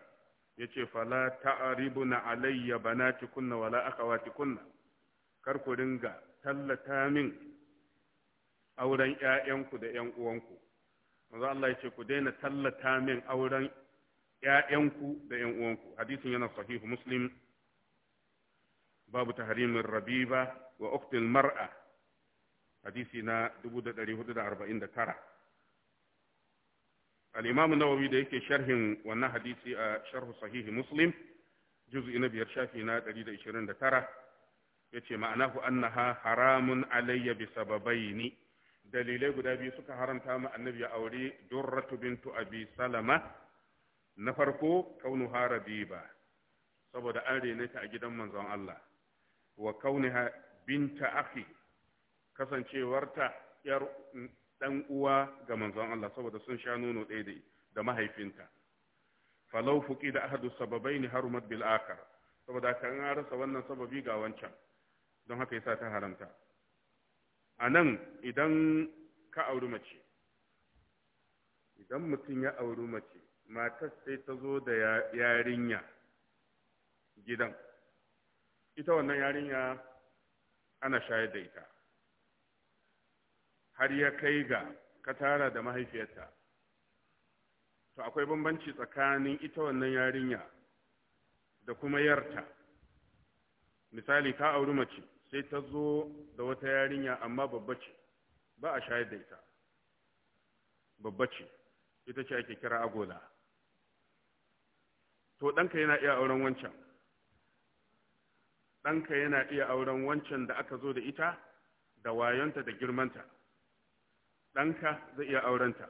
ya ce fala ta'aribu na alayya banati kunna wala akawati kunna kar ku ringa tallata min auren ‘ya'yanku da ‘yan uwanku mazan Allah ya ce ku daina tallata min auren ‘ya'yanku da ‘yan uwanku hadisin yana sahihu muslim babu tahrimin rabiba wa uktil mar'a hadisi na 1449 al-imam nawawi da yake sharhin wannan hadisi a sharh sahih muslim juz'i na biyar shafi na 129 yace ma'anahu annaha haramun alayya bi sababaini dalilai guda biyu suka haramta ma annabi ya aure durratu bintu abi salama na farko kaunu harabiba saboda an rene ta a gidan manzon Allah wa kaunaha binta akhi kasancewarta yar dan uwa ga manzon Allah saboda sun sha nono ɗaya da mahaifinta falau fuki da ahadu sababai ne harumat bil akar saboda kan an rasa wannan sababi ga wancan don haka yasa ta haramta a nan idan ka auri mace idan mutum ya auri mace matar sai ta zo da yarinya gidan ita wannan yarinya ana shayar da ita har ya kai ga katara da mahaifiyarta to akwai bambanci tsakanin ita wannan yarinya da kuma yarta misali ka auri mace sai ta zo da wata yarinya amma babba ce ba a shayar da ita babba ce ita ce ake kira agola to ɗanka yana iya auren wancan ɗanka yana iya auren wancan da aka zo da ita da wayonta da girmanta ɗanka zai iya aurenta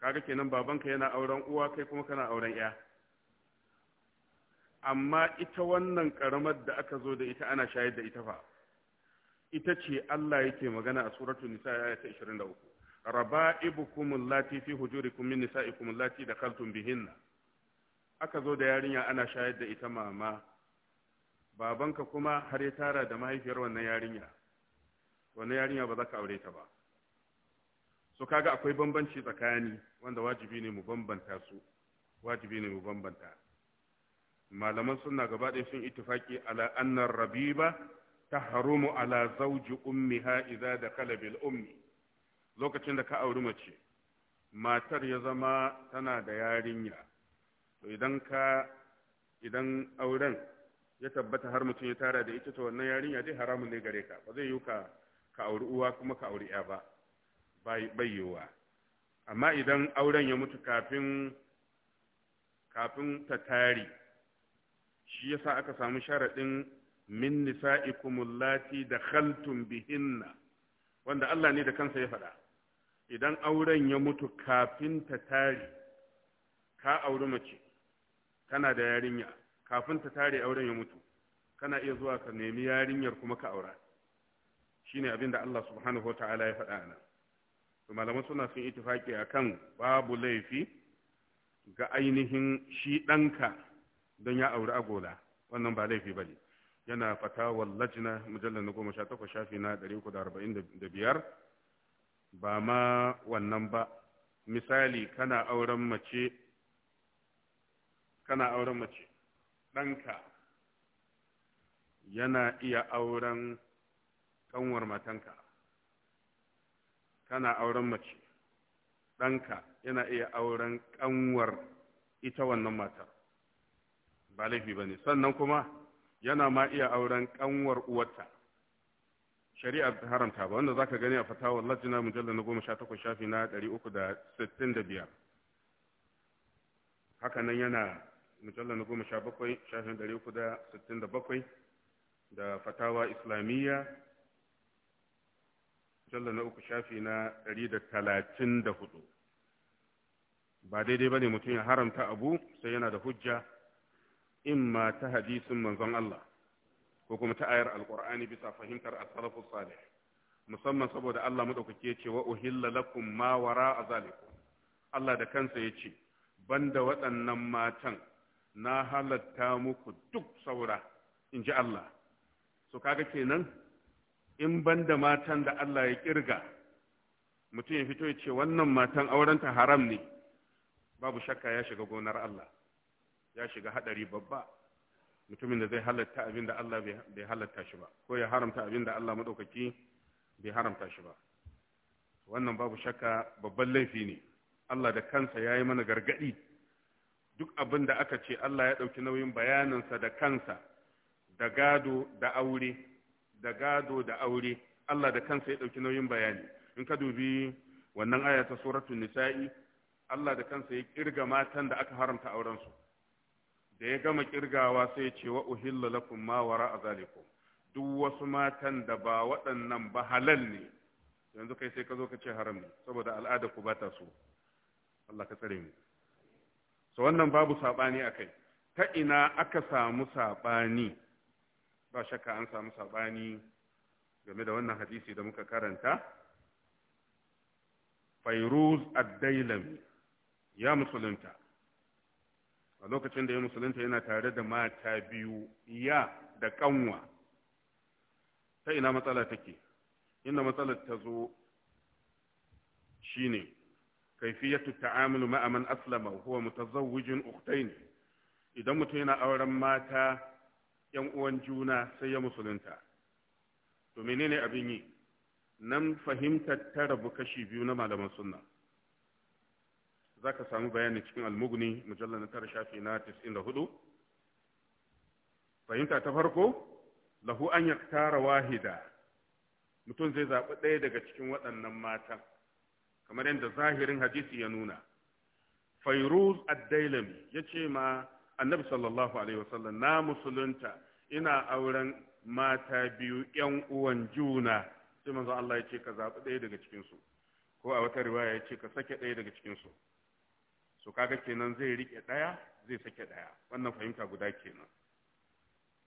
kaga kenan babanka yana auren uwa kai kuma kana auren ya amma ita wannan karamar da aka zo da ita ana shayar da ita fa ita ce Allah yake magana a suratul nisa ayat ta 23 raba'ibukum allati fi hujurikum min nisa'ikum allati dakhaltum bihinna aka zo da yarinya ana shayar da ita mama babanka kuma har ya tara da mahaifiyar wannan yarinya wannan yarinya ba za ka aure ta ba so kaga akwai bambanci tsakani wanda wajibi ne mu bambanta su wajibi ne mu bambanta malaman sunna gaba ɗaya sun ittifaki ala annar rabiba tahrumu ala zawji ummiha idza dakala bil ummi lokacin da ka auri mace matar ya zama tana da yarinya to idan ka idan auren ya tabbata har mutum ya tara da ita ta wannan yarinya dai haramun ne gare ka ba zai yi ka ka auri uwa kuma ka auri ya ba bai yiwuwa amma idan auren ya mutu kafin kafin ta tari shi yasa aka samu sharaɗin min nisa'ikum allati dakhaltum bihinna wanda Allah ne da kansa ya faɗa idan auren ya mutu kafin ta tari ka auri mace kana da yarinya kafin ta tare auren ya mutu kana iya zuwa ka nemi yarinyar kuma ka aura shine abin da Allah subhanahu wataala ya faɗa nan to malaman suna sun a akan babu laifi ga ainihin shi ɗanka don ya auri agola wannan ba laifi ba ne yana fata wallajina mujallar na goma sha takwas shafi na ɗari uku da arba'in da biyar ba ma wannan ba misali kana auren mace kana auren mace ɗanka yana iya auren kanwar matanka kana auren mace ɗanka yana iya auren kanwar ita wannan matar ba laifi ba ne sannan kuma yana ma iya auren kanwar uwarta shari'a ta haramta ba wanda za ka gani a fatawar lajina mujalla na goma sha takwas shafi na ɗari uku da sittin da biyar hakanan yana mujallar na goma sha bakwai shafin ɗari uku da sittin da bakwai da fatawa islamiyya mujalla na uku shafi na dari da talatin da hudu ba daidai ba ne mutum ya haramta abu sai yana da hujja imma ta hadisin manzon Allah ko kuma ta ayar alkur'ani bisa fahimtar Asalafu salih musamman saboda Allah madaukake ya ce wa uhilla lakum ma wara azalikum Allah da kansa ya ce banda waɗannan matan na halatta muku duk saura in ji Allah so kaga kenan in banda matan da Allah ya kirga mutum ya fito ya ce wannan matan aurenta haram ne babu shakka ya shiga gonar Allah ya shiga hadari babba mutumin da zai halatta abin da Allah bai halatta shi ba ko ya haramta abin da Allah maɗaukaki bai haramta shi ba wannan babu shakka babban laifi ne Allah da kansa ya yi mana gargadi. duk abin da aka ce Allah ya ɗauki nauyin bayaninsa da kansa da gado da aure da gado da aure Allah da kansa ya ɗauki nauyin bayani in ka dubi wannan aya ta suratul nisa'i Allah da kansa ya kirga matan da aka haramta auren su da ya gama kirgawa sai ya ce wa uhilla lakum ma wara azalikum duk wasu matan da ba waɗannan ba halal ne yanzu kai sai ka zo ka ce haram ne saboda al'ada ku ba ta so Allah ka tsare mu so wannan babu saɓani a kai ta ina aka samu saɓani ba shakka an samu saɓani game da wannan hadisi da muka karanta fairuz addailami ya musulunta a lokacin da ya musulunta yana tare da mata biyu ya da kanwa ta ina matsala take inda matsalar ta zo shine kaifiyatu ta'amulu ma'a man aslama huwa mutazawwijun ukhtayn idan mutum yana auren mata yan uwan juna sai ya musulunta to menene abin yi nan fahimtar ta rabu kashi biyu na malaman sunna za ka samu bayanin cikin almugni mujallar na tara shafi na 94 fahimta ta farko lahu an tara wahida mutum zai zaɓi ɗaya daga cikin waɗannan matan kamar yadda zahirin hadisi ya nuna fairuz ad-dailami yace ma annabi sallallahu alaihi wasallam na musulunta ina auren mata biyu yan uwan juna sai manzo Allah yace ka zabi ɗaya daga cikin su ko a wata riwaya yace ka sake ɗaya daga cikin su so kaga kenan zai rike ɗaya zai sake ɗaya wannan fahimta guda kenan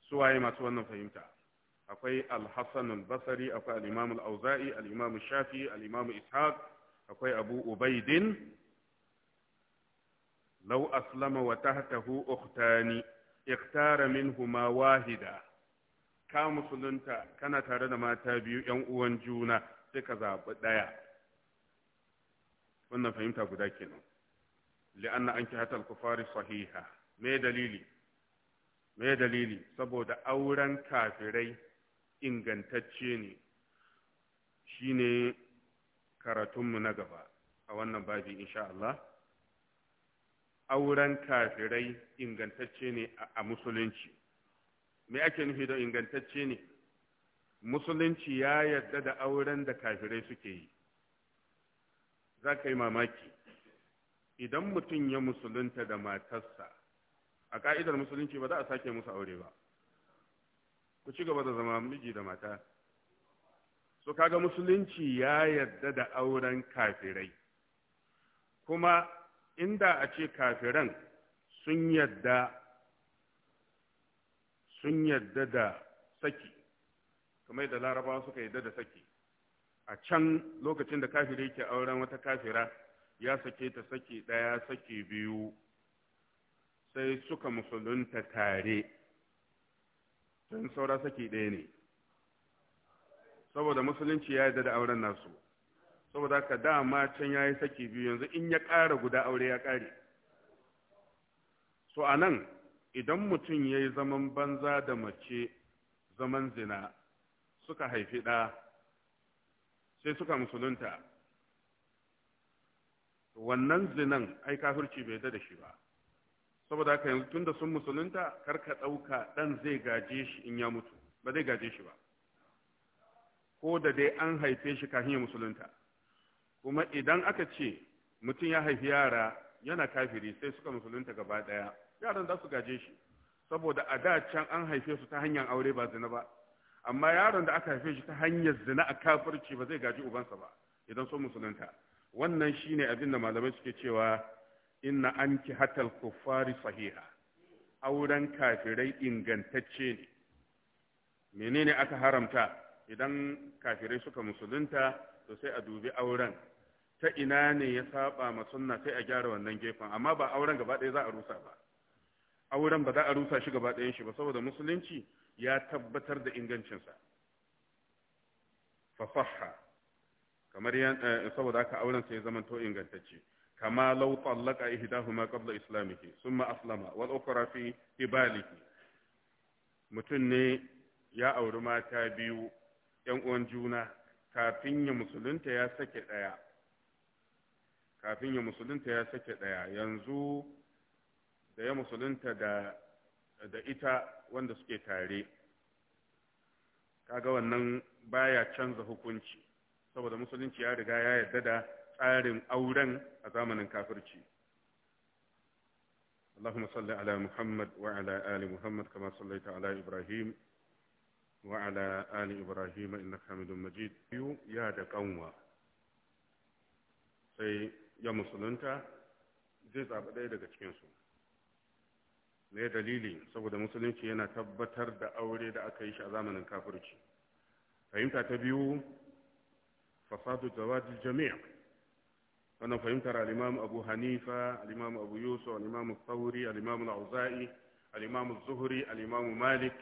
su waye masu wannan fahimta akwai al-hasan al-basri akwai al-imam al-auza'i al-imam shafi al-imam ishaq akwai abu ubaidin lau aslama wa tahtahu ukhtani min minhuma wahida ka musulunta kana tare da mata biyu yan uwan juna sai ka zaɓi ɗaya wannan fahimta guda kenan li'anna an kihatal kufari sahiha me dalili me dalili saboda auren kafirai ingantacce ne shine karatunmu na gaba a wannan babi insha Allah auren kafirai ingantacce ne a musulunci me ake nufi da ingantacce ne musulunci ya yarda da auren da kafirai suke yi za ka yi mamaki idan mutum ya musulunta da matarsa a ƙa'idar musulunci ba za a sake musu aure ba ku ci gaba da zama miji da mata so kaga musulunci ya yarda da auren kafirai kuma inda a ce kafiran sun yarda sun yarda da saki kamar yadda larabawa suka yarda da saki a can lokacin da kafirai ke auren wata kafira ya sake ta saki ɗaya saki biyu sai suka musulunta tare don saura saki ɗaya ne saboda musulunci ya yarda da auren nasu saboda haka dama can ya yi saki biyu yanzu in ya kara guda aure ya kare so a idan mutum ya yi zaman banza da mace zaman zina suka haifi ɗa sai suka musulunta wannan zinan ai kafirci bai da shi ba saboda haka yanzu tunda sun musulunta kar ka ɗauka ɗan zai gaje shi in ya mutu ba zai gaje shi ba ko da dai an haife shi kafin ya musulunta kuma idan aka ce mutum ya haifi yara yana kafiri sai suka musulunta gaba ɗaya yaran za su gaje shi saboda a da can an haife su ta hanyar aure ba zina ba amma yaron da aka haife shi ta hanyar zina a kafirci ba zai gaji ubansa ba idan sun musulunta wannan shine abin da malamai suke cewa inna anki hatal kuffari sahiha auren kafirai ingantacce ne menene aka haramta idan kafirai suka musulunta to sai a dubi auren ta ina ne ya saba ma sunna sai a gyara wannan gefen amma ba auren gaba ɗaya za a rusa ba auren ba za a rusa shi gaba ɗayan shi ba saboda musulunci ya tabbatar da ingancinsa fasaha kamar eh, saboda haka auren sai ya zama zamanto ingantacce kama law tallaqa ihdahuma qabla islamihi thumma aslama wal ukhra fi ibalihi mutun ne ya auri mata biyu ‘yan uwan juna kafin ya musulunta ya sake ɗaya kafin ya musulunta ya sake ɗaya yanzu da ya musulunta da da ita wanda suke tare kaga wannan baya canza hukunci saboda musulunci ya riga ya yarda da tsarin auren a zamanin kafirci اللهم صل على محمد وعلى آل محمد كما صليت على إبراهيم وعلى آل إبراهيم إنك حميد مجيد يا دقنوا sai ya musulunta zai زاب ɗaya daga cikinsu ne dalili saboda musulunci yana tabbatar da aure da aka yi shi a zamanin kafirci fahimta ta biyu fasadu zawaji jami'a wannan fahimtar al'imamu abu hanifa al'imamu abu yusuf al'imamu sauri al'imamu na'uza'i al'imamu zuhuri al'imamu malik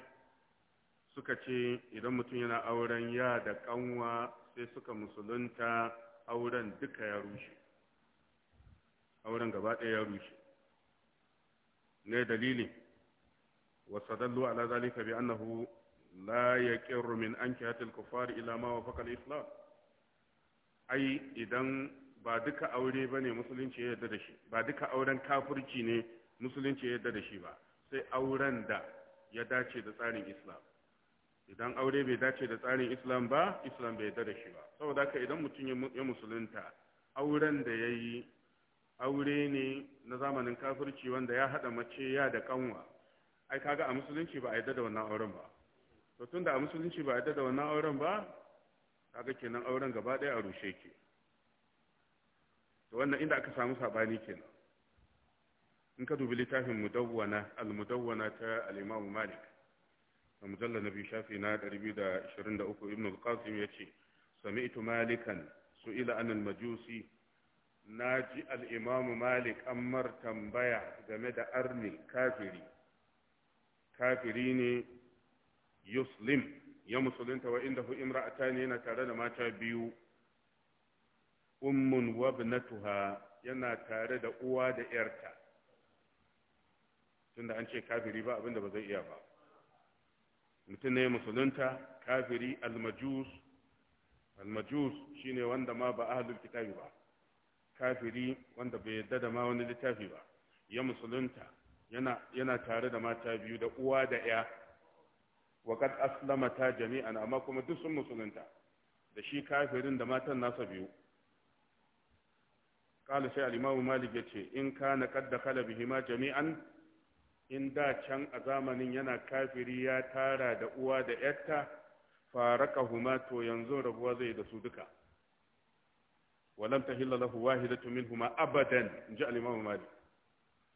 suka ce idan mutum yana auren ya da kanwa sai suka musulunta auren duka ya rushe auren gaba ɗaya ya rushe ne dalili dallo ala zalika bi annahu la yaqirru min ankihatil kufari ila ma wa islam ai idan ba duka aure ba ne musulunci ya yarda da shi ba duka auren kafurci ne musulunci ya yarda da shi ba sai auren da ya dace da tsarin islam idan aure bai dace da tsarin islam ba islam bai shi ba saboda haka idan mutum ya musulunta auren da ya yi aure ne na zamanin kafirci wanda ya haɗa mace ya da kanwa ai kaga a musulunci ba a yadda da wannan auren ba to da a musulunci ba a yadda da wannan auren ba kaga kenan auren gaba ɗaya a rushe ke to wannan inda aka samu sabani kenan in ka dubi littafin mudawwana al-mudawwana ta al-imam malik a mujallar na biyu shafi na 223 ibn al-qasim ya ce sami'tu malikan su'ila an al-majusi na ji al'imamu malik an martambaya game da arni kafiri kafiri ne yuslim ya musulunta wa inda imra'ata ne yana tare da mata biyu ummun wabnatuha yana tare da uwa da ‘yarta tunda an ce kafiri ba abinda ba zai iya ba mutum ne musulunta kafiri almajus almajus shine wanda ma ba ahlul kitabi ba kafiri wanda bai yadda da ma wani littafi ba ya musulunta yana yana tare da mata biyu da uwa da ya waqad aslamata jami'an amma kuma duk sun musulunta da shi kafirin da matan nasa biyu قال شيء الإمام مالك يتشي إن كان قد دخل بهما jami'an. in da can a zamanin yana kafiri ya tara da uwa da yatta faraka huma to yanzu rabuwa zai da su duka walam tahilla lahu wahidatu minhuma abadan inji al-imam malik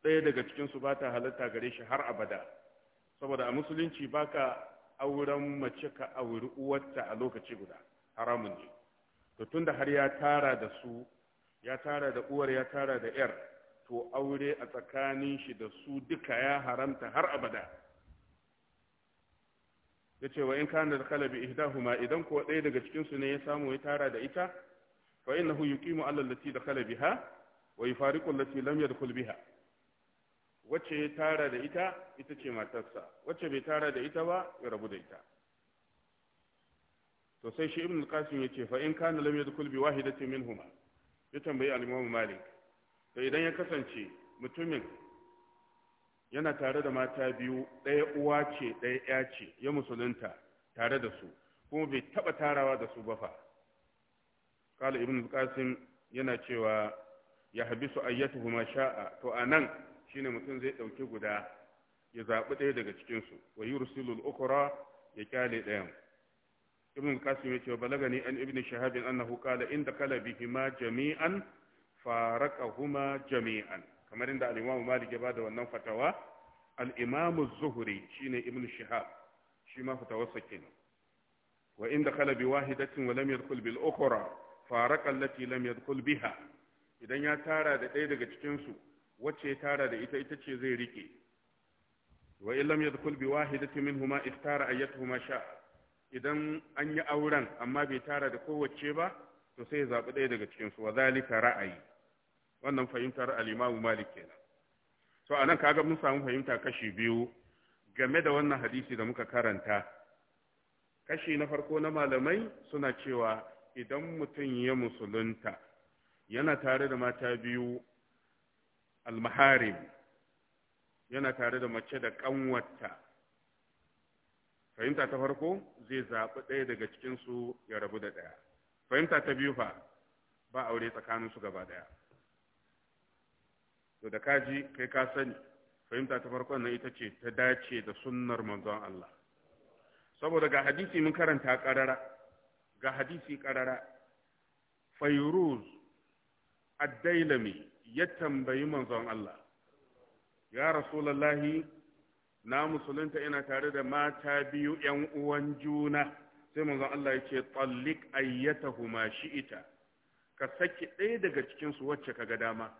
daga cikin su bata ta halatta gare shi har abada saboda a musulunci baka auren mace ka auri uwarta a lokaci guda haramun ne to tunda har ya tara da su ya tara da uwar ya tara da yar to aure a tsakanin shi da su duka ya haramta har abada ya ce wa in kana da kalabi ihdahuma idan ko ɗaya daga cikinsu ne ya samu ya tara da ita fa innahu yuqimu ala allati dakhala ha? wa yufariqu allati lam yadkhul biha Wace ya tara da ita ita ce matarsa wace bai tara da ita ba ya rabu da ita to sai shi ibn al-qasim yace fa in kana lam yadkhul bi wahidatin minhuma ya tambayi al-imam malik to idan ya kasance mutumin yana tare da mata biyu ɗaya uwa ce ɗaya ya ce ya musulunta tare da su kuma bai taɓa tarawa da su ba fa kala ibn qasim yana cewa ya habisu ayyatuhuma sha'a to a nan shine mutum zai ɗauki guda ya zaɓi ɗaya daga cikinsu wa yursilul ukhra ya kyale ɗayan ibn qasim ya ce balagani an ibn shahab annahu qala inda kala bihima jami'an faraqahuma jami'an kamar inda al-Imam Malik ya bada wannan fatawa al-Imam az-Zuhri shine Ibn Shihab shi ma fatawarsa kenan wa inda kala bi wahidatin wa lam yadkhul bil ukhra faraqa allati lam yadkhul biha idan ya tara da ɗaya daga cikin su wacce ya tara da ita ita ce zai rike wa in lam yadkhul bi wahidatin minhuma iftara ayyatuhuma sha idan an yi auren amma bai tara da kowace ba to sai ya zaɓi ɗaya daga cikin su wa zalika ra'ayi wannan fahimtar alimamu Malik kenan so anan kaga mun samu fahimta kashi biyu game da wannan hadisi da muka karanta kashi na farko na malamai suna cewa idan mutum ya musulunta yana tare da mata biyu al yana tare da mace da kanwata fahimta ta farko zai zaɓi ɗaya daga cikinsu ya rabu da ɗaya fahimta ta biyu fa ba aure tsakaninsu gaba ɗaya to da kaji kai ka sani fahimta ta farko nan ita ce ta dace da sunnar manzon Allah saboda ga hadisi mun karanta karara ga hadisi karara fayruz ad-dailami ya tambayi manzon Allah ya rasulullahi na musulunta ina tare da mata biyu yan uwan juna sai manzon Allah ya ce tallik ayyatahuma shi'ita ka saki ɗaya daga cikinsu wacce ka ga dama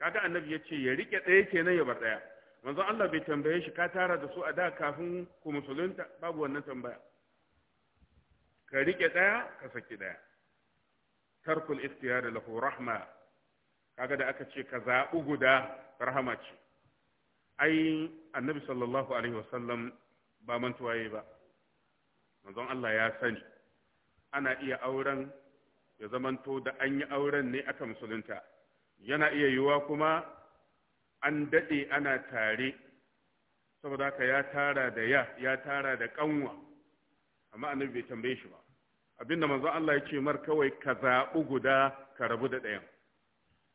kaga annabi ya ce ya rike ɗaya kenan ya bar ɗaya manzon Allah bai tambaye shi ka tara da su a da kafin ku musulunta babu wannan tambaya ka rike ɗaya ka saki ɗaya tarkul ikhtiyar lahu rahma kaga da aka ce ka zaɓi guda rahama ce ai annabi sallallahu alaihi wasallam ba mantuwaye ba manzon Allah ya sani ana iya auren ya zamanto da an yi auren ne aka musulunta yana iya yiwuwa kuma an daɗe ana tare saboda haka ya tara da ya ya tara da kanwa amma annabi bai tambaye shi ba abinda manzo Allah ya ce mar kawai ka zaɓi guda ka rabu da ɗayan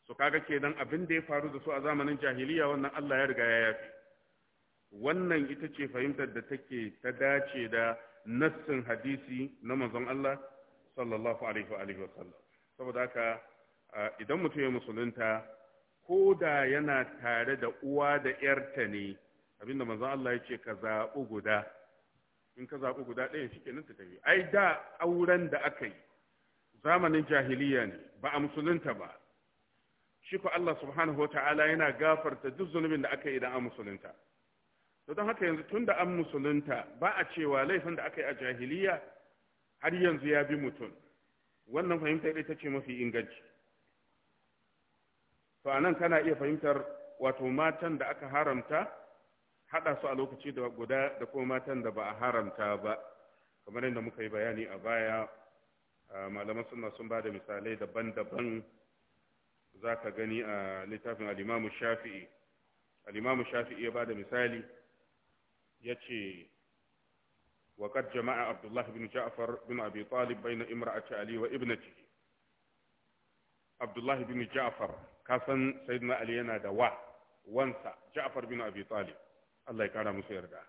so kaga kenan abin da ya faru da su a zamanin jahiliya wannan Allah ya riga ya yafi wannan ita ce fahimtar da take ta dace da nassin hadisi na manzon Allah sallallahu alaihi wa alihi wa sallam saboda haka idan mutum ya musulunta ko da yana tare da uwa da ‘yarta ne abinda manzon Allah ya ce ka zaɓi guda in ka zaɓi guda ɗaya shi kenan ta tafi ai da auren da aka yi zamanin jahiliya ne ba a musulunta ba shi ko Allah subhanahu wa ta'ala yana gafarta duk zunubin da aka yi idan an musulunta to don haka yanzu tun da an musulunta ba a cewa laifin da aka yi a jahiliya har yanzu ya bi mutum wannan fahimta ita ce mafi inganci to nan kana iya fahimtar wato matan da aka haramta haɗa su a lokaci da guda da kuma matan da ba a haramta ba kamar yadda muka yi bayani a baya malaman suna sun ba da misalai daban-daban za ka gani a littafin alimamu shafi'i alimamu shafi'i ya ba da misali ya ce jama'a جمع bin Jafar بن جعفر بن أبي طالب بين امرأة علي wa عبد Abdullahi bin جعفر kasan sayyidina ali yana da wa wansa ja'far bin abi talib Allah ya kara musu yarda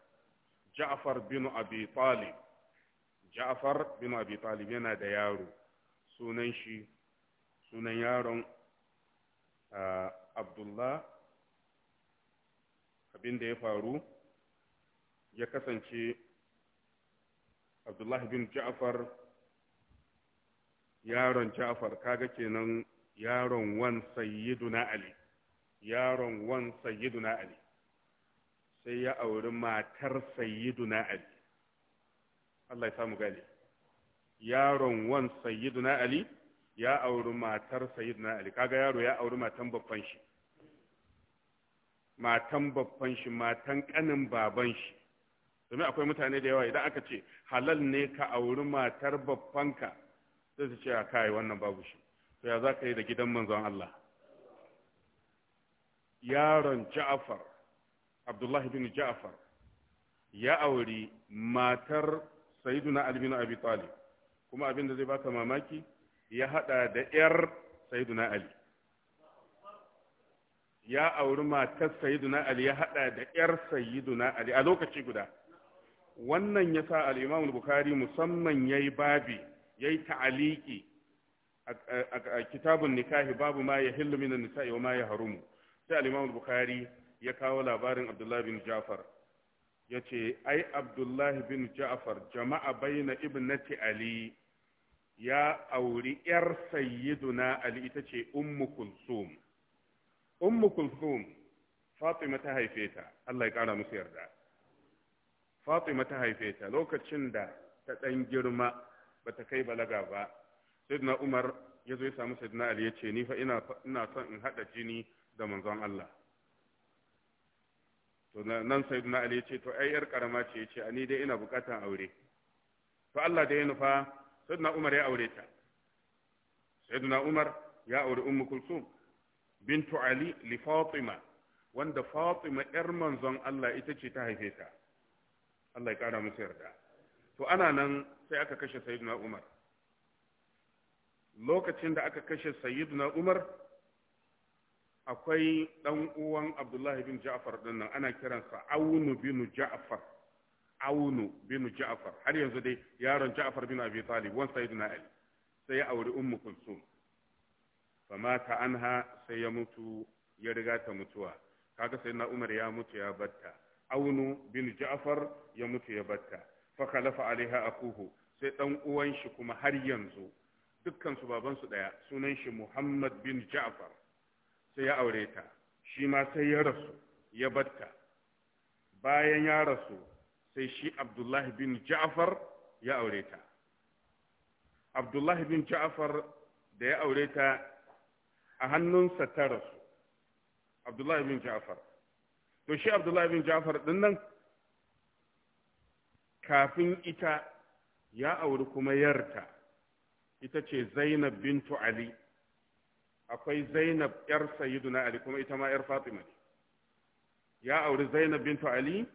ja'far bin abi talib ja'far bin abi talib yana da yaro sunan shi sunan yaron abdullah abin da ya faru ya kasance abdullah bin ja'far yaron ja'far kaga kenan yaron wan sayyiduna ali yaron wan sayyiduna ali sai ya auri matar sayyiduna ali Allah ya samu gane yaron wan sayyiduna ali ya auri matar sayyiduna ali kaga yaro ya auri matan babban shi matan babban shi matan kanin baban shi domin akwai mutane da yawa idan aka ce halal ne ka auri matar babbanka sai su ce a kai wannan babu shi to ya za ka yi da gidan manzon Allah yaron Ja'far Abdullahi bin Ja'far ya auri matar Sayyiduna Ali bin Abi Talib kuma Abinda zai baka mamaki ya hada da yar Sayyiduna Ali ya auri matar Sayyiduna Ali ya hada da yar Sayyiduna Ali a lokaci guda wannan ya sa al-Imam al-Bukhari musamman yayi babi yayi ta'aliki a kitabun nikahi babu ma ya hillu minan nisa'i wa ma ya harumu sai al-imam bukhari ya kawo labarin abdullahi bin ja'far yace ai abdullahi bin ja'far jama'a baina ibnati ali ya auri yar sayyiduna ali ita ce ummu kulsum ummu kulsum fatima ta haife ta Allah ya kara musu yarda fatima ta haife ta lokacin da ta dan girma bata kai balaga ba sayyidina umar ya zo ya samu sayyidina ali ya ce ni fa ina ina son in hada jini da manzon Allah to nan sayyidina ali ya ce to ai yar karama ce ya ce ni dai ina bukatan aure to Allah dai ya nufa sayyidina umar ya aure ta sayyidina umar ya aure ummu kulsum bintu ali li fatima wanda fatima yar manzon Allah ita ce ta haife ta Allah ya kara musu yarda to ana nan sai aka kashe sayyidina umar lokacin da aka kashe sayyiduna umar akwai ɗan uwan abdullahi bin ja'far ɗin ana kiransa aunu bin ja'far aunu bin ja'far har yanzu dai yaron ja'far bin abi talib wan sayyiduna ali sai ya auri ummu kulsum famata anha sai ya mutu ya riga ta mutuwa kaga sayyidina umar ya mutu ya batta aunu bin ja'far ya mutu ya batta fa khalafa alaiha akuhu sai ɗan uwan shi kuma har yanzu dukkan su baban su daya sunan shi Muhammad bin Ja'far sai ya aure ta shi ma sai ya rasu ya batta bayan ya rasu sai shi Abdullahi bin Ja'far ya aure ta Abdullahi bin Ja'far da ya aure ta a hannunsa ta rasu Abdullahi bin Ja'far to shi Abdullahi bin Ja'far din nan kafin ita ya auri kuma yarta ita ce Zainab bintu Ali akwai Zainab yar Sayyiduna Ali kuma ita ma yar Fatima ne ya auri Zainab bintu Ali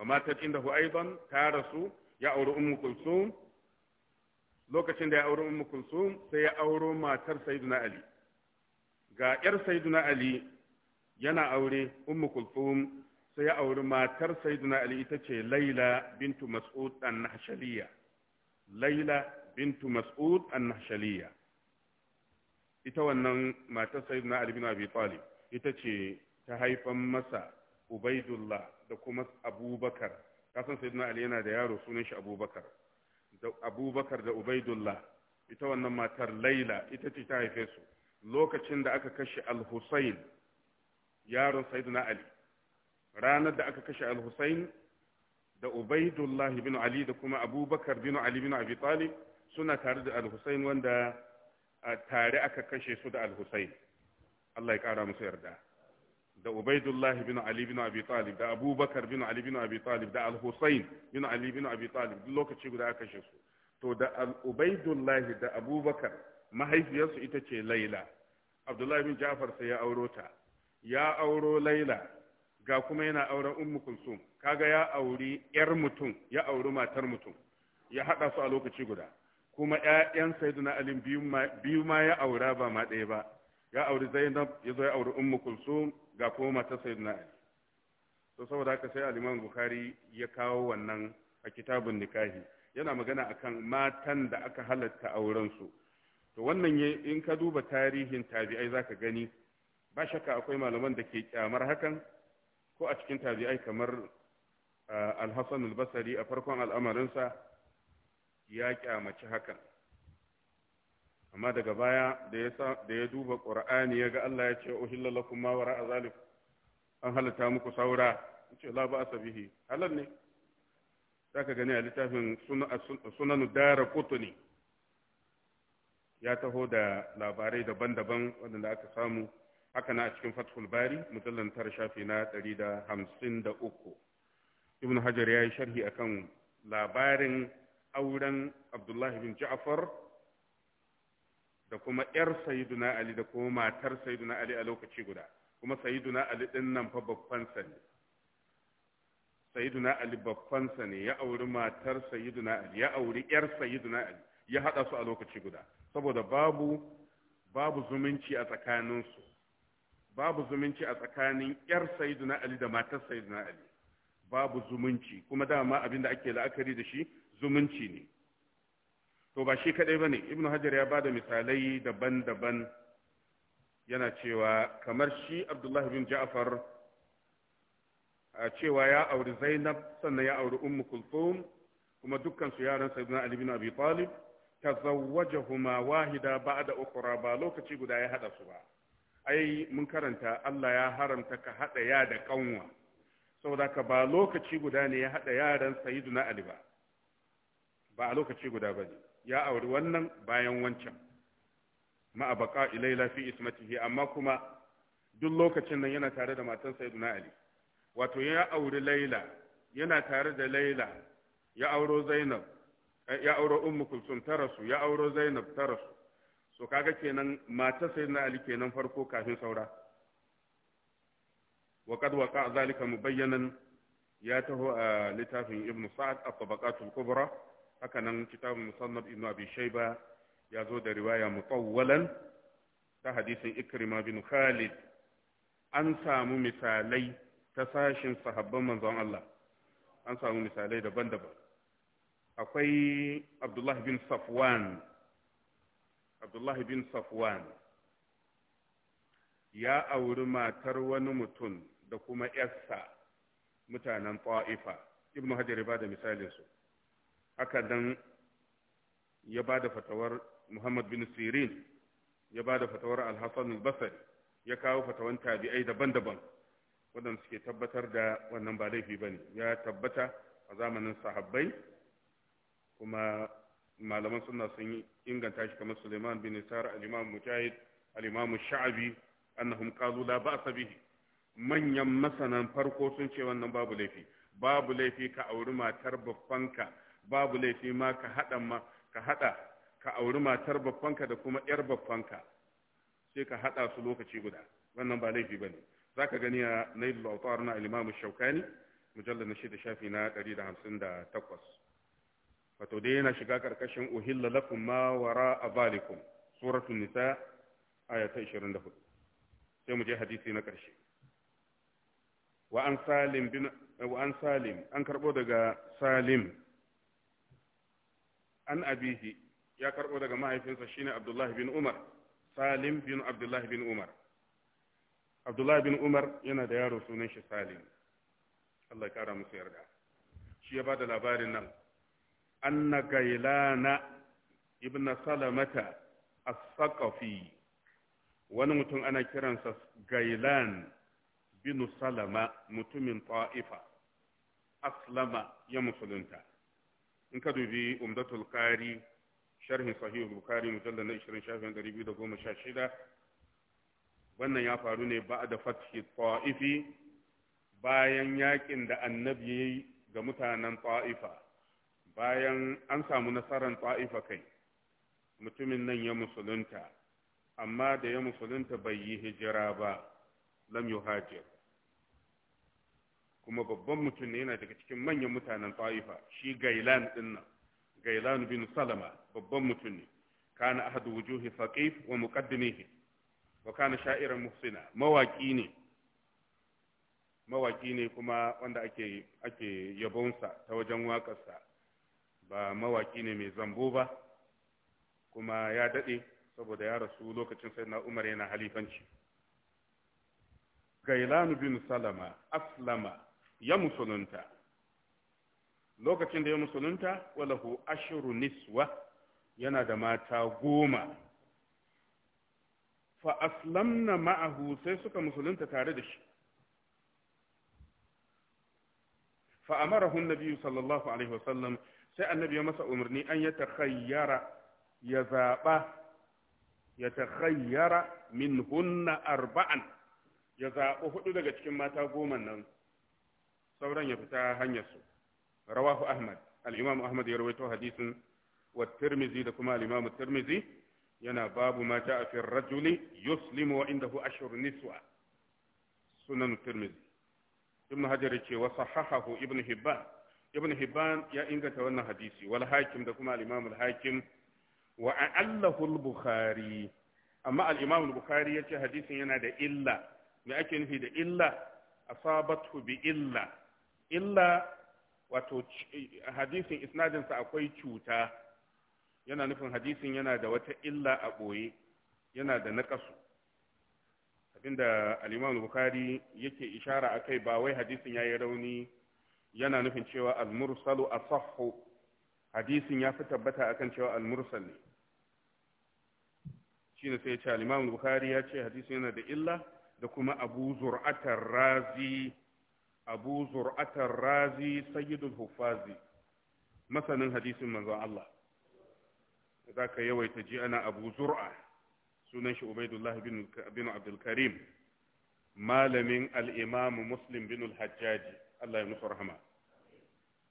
wa inda hu aidan ta rasu ya auri Ummu Kulsum lokacin da ya auri Ummu Kulsum sai ya auro matar Sayyiduna Ali ga yar Sayyiduna Ali yana aure Ummu Kulsum sai ya auri matar Sayyiduna Ali ita ce Laila bintu Mas'ud an-Nahshaliya Laila bintu mas'ud an-nahshaliya ita wannan matar sayyidina ali bin abi talib ita ce ta haifan masa ubaidullah da kuma abubakar kasan sayyidina ali yana da yaro sunan shi abubakar da abubakar da ubaidullah ita wannan matar laila ita ce ta haife su lokacin da aka kashe al-husayn yaron sayyidina ali ranar da aka kashe al-husayn da ubaidullahi bin ali da kuma abubakar bin ali bin abi talib suna tare da al-Husayn wanda tare aka kashe su da al-Husayn Allah ya kara musu yarda da Ubaidullah bin Ali bin Abi Talib da Abubakar bin Ali bin Abi Talib da al-Husayn bin Ali bin Abi Talib lokaci guda aka kashe su to da Ubaidullah da Abubakar mahaifiyarsu ita ce Laila Abdullah bin Ja'far sai ya auro ta ya auro Laila ga kuma yana auren Ummu Kulsum kaga ya auri yar mutum ya auri matar mutum ya hada su a lokaci guda kuma 'ya'yan sayyiduna ali biyu ma ya aura ba ma ɗaya ba ya auri zainab ya zo ya auri ummu kulsum ga kuma mata sayyiduna ali to saboda haka sai al-imam bukhari ya kawo wannan a kitabun nikahi yana magana akan matan da aka halatta auren su to wannan in ka duba tarihin tabi'ai zaka gani ba shakka akwai malaman da ke kyamar hakan ko a cikin tabi'ai kamar ah, al-hasan a farkon al'amarinsa ya kyamaci hakan amma daga baya da ya duba ƙur'ani ya ga Allah ya ce uhilla lakum ma wara zalif an halatta muku saura ce la ba asabihi halal ne ka gani a littafin sunan dara kutuni ya taho da labarai daban-daban waɗanda aka samu haka na a cikin fathul bari mujallar tara shafi na 153 ibn hajar ya yi sharhi akan labarin auren abdullahi bin ja'far da kuma 'yar sayiduna ali da kuma matar sayiduna ali a lokaci guda kuma sayiduna ali ɗin nan fa babbansa ne sayiduna ali babbansa ne ya auri matar sayiduna ali ya auri 'yar sayiduna ali ya haɗa su a lokaci guda saboda babu babu zumunci a tsakaninsu babu zumunci a tsakanin 'yar sayiduna ali da matar sayiduna ali babu zumunci kuma dama abin da ake la'akari da shi zumunci ne to ba shi kaɗai kadai ne ibnu hajar ya bada misalai daban-daban yana cewa kamar shi abdullahi bin ja'far a cewa ya auri zainab sannan ya auri ummu kulthum kuma dukkan su yaran sayyidina ali bin abi talib tazawwajahuma wahida ba'da ukhra ba lokaci guda ya hada su ba ai mun karanta Allah ya haramta ka hada ya da kanwa saboda ka ba lokaci guda ne ya hada yaran sayyidina ali ba ba a lokaci guda ba ne ya auri wannan bayan wancan ma'a baka ilaila fi ismatihi amma kuma duk lokacin nan yana tare da matan sayyiduna ali wato ya auri laila yana tare da laila ya auro zainab eh, ya auro ummu kulsum ta rasu ya auro zainab ta rasu so kaga kenan matan sayyidina ali kenan farko kafin saura wa qad waqa zalika mubayyanan ya taho a littafin ibnu sa'ad at-tabaqatul kubra haka nan kitabun musannad ibn abi shayba ya zo da riwaya mutawwalan ta hadisin ikrima bin khalid an samu misalai ta sashin sahabban manzon Allah an samu misalai daban-daban akwai abdullahi bin safwan abdullahi bin safwan ya auri matar wani mutum da kuma yarsa mutanen ta'ifa ibnu hajar ba da misalinsu haka dan ya ba da fatawar muhammad bin sirin ya ba da fatawar alhassan albasari ya kawo fatawan tabi'ai daban-daban waɗanda suke tabbatar da wannan ba laifi ba ne ya tabbata a zamanin sahabbai kuma malaman suna sun inganta shi kamar suleiman bin isar al mujahid sha'abi annahum qalu la ba'sa bihi manyan masanan farko sun ce wannan babu laifi babu laifi ka auri matar ka babu laifi ma ka haɗa ma ka hada ka auri matar babbanka da kuma ƴar babbanka sai ka haɗa su lokaci guda wannan ba laifi bane zaka gani a nailul awtar na al-imam shaukani mujallad na shida shafi na 158 wato dai yana shiga karkashin uhilla lakum ma wara abalikum suratul nisa aya ta 24 sai mu je hadisi na karshe wa an salim bin wa an salim an karbo daga salim an abihi ya karbo daga mahaifinsa shine Abdullahi bin Umar Salim bin Abdullahi bin Umar Abdullahi bin Umar yana da yaro sunan shi Salim Allah ya kara musu yarda shi ya bada labarin nan anna gailana ibn salamata as-saqafi wani mutum ana kiransa gailan bin salama mutumin ta'ifa aslama ya musulunta in ka dubi umdatul qari sharhi sahih bukhari mujallal na 20 shafin 216 wannan ya faru ne ba da fathi ta'ifi bayan yakin da annabi yayi ga mutanen ta'ifa bayan an samu nasarar ta'ifa kai mutumin nan ya musulunta amma da ya musulunta bai yi hijira ba lam yuhajir kuma babban mutum ne yana daga cikin manyan mutanen ta'ifa shi gailan din gailan bin salama babban mutum ne kana ahadu wujuhi faqif wa muqaddimihi wa kana sha'iran muhsina mawaki ne mawaki ne kuma wanda ake ake yabonsa ta wajen waƙarsa ba mawaki ne mai zambo ba kuma ya daɗe saboda ya rasu lokacin sai na umar yana halifanci gailan bin salama aslama ya musulunta lokacin da ya musulunta walahu ashiru niswa yana da mata goma fa aslamna ma'ahu sai suka musulunta tare da shi fa amarahu nabi sallallahu alaihi wasallam sai annabi ya masa umarni an ya takhayyara ya zaɓa ya takhayyara min hunna arba'an ya zaba hudu daga cikin mata goma nan sauran ya fita hanyarsu rawahu ahmad al ahmad ya rawaito hadisin wa tirmizi da kuma al tirmizi yana babu ma ja'a fi rajuli yuslimu wa indahu ashur niswa sunan tirmizi ibn hajar ce wa sahahahu ibn hibban ibn hibban ya inganta wannan hadisi wal hakim da kuma al-imam al-hakim wa a'allahu al-bukhari amma al-imam al-bukhari yace hadisin yana da illa me ake nufi da illa asabathu bi illa illa wato hadisin isnadinsa akwai cuta yana nufin hadisin yana da wata illa a ɓoye yana da naƙasu abinda al bukari yake ishara akai ba wai hadisin ya yi rauni yana nufin cewa almursalu a sahu hadisin ya fi tabbata akan cewa ne shi ne sai ya ce bukari ya ce hadisin yana da illa da kuma abu zur'atar razi abu zur'atar razi sayyidul hufazi masanin hadisin manzon Allah za ka yawaita ji ana abu zur'a sunan shi ubaidullahi bin abdulkarim malamin al'imamu muslim bin al-hajjaji Allah ya musu rahama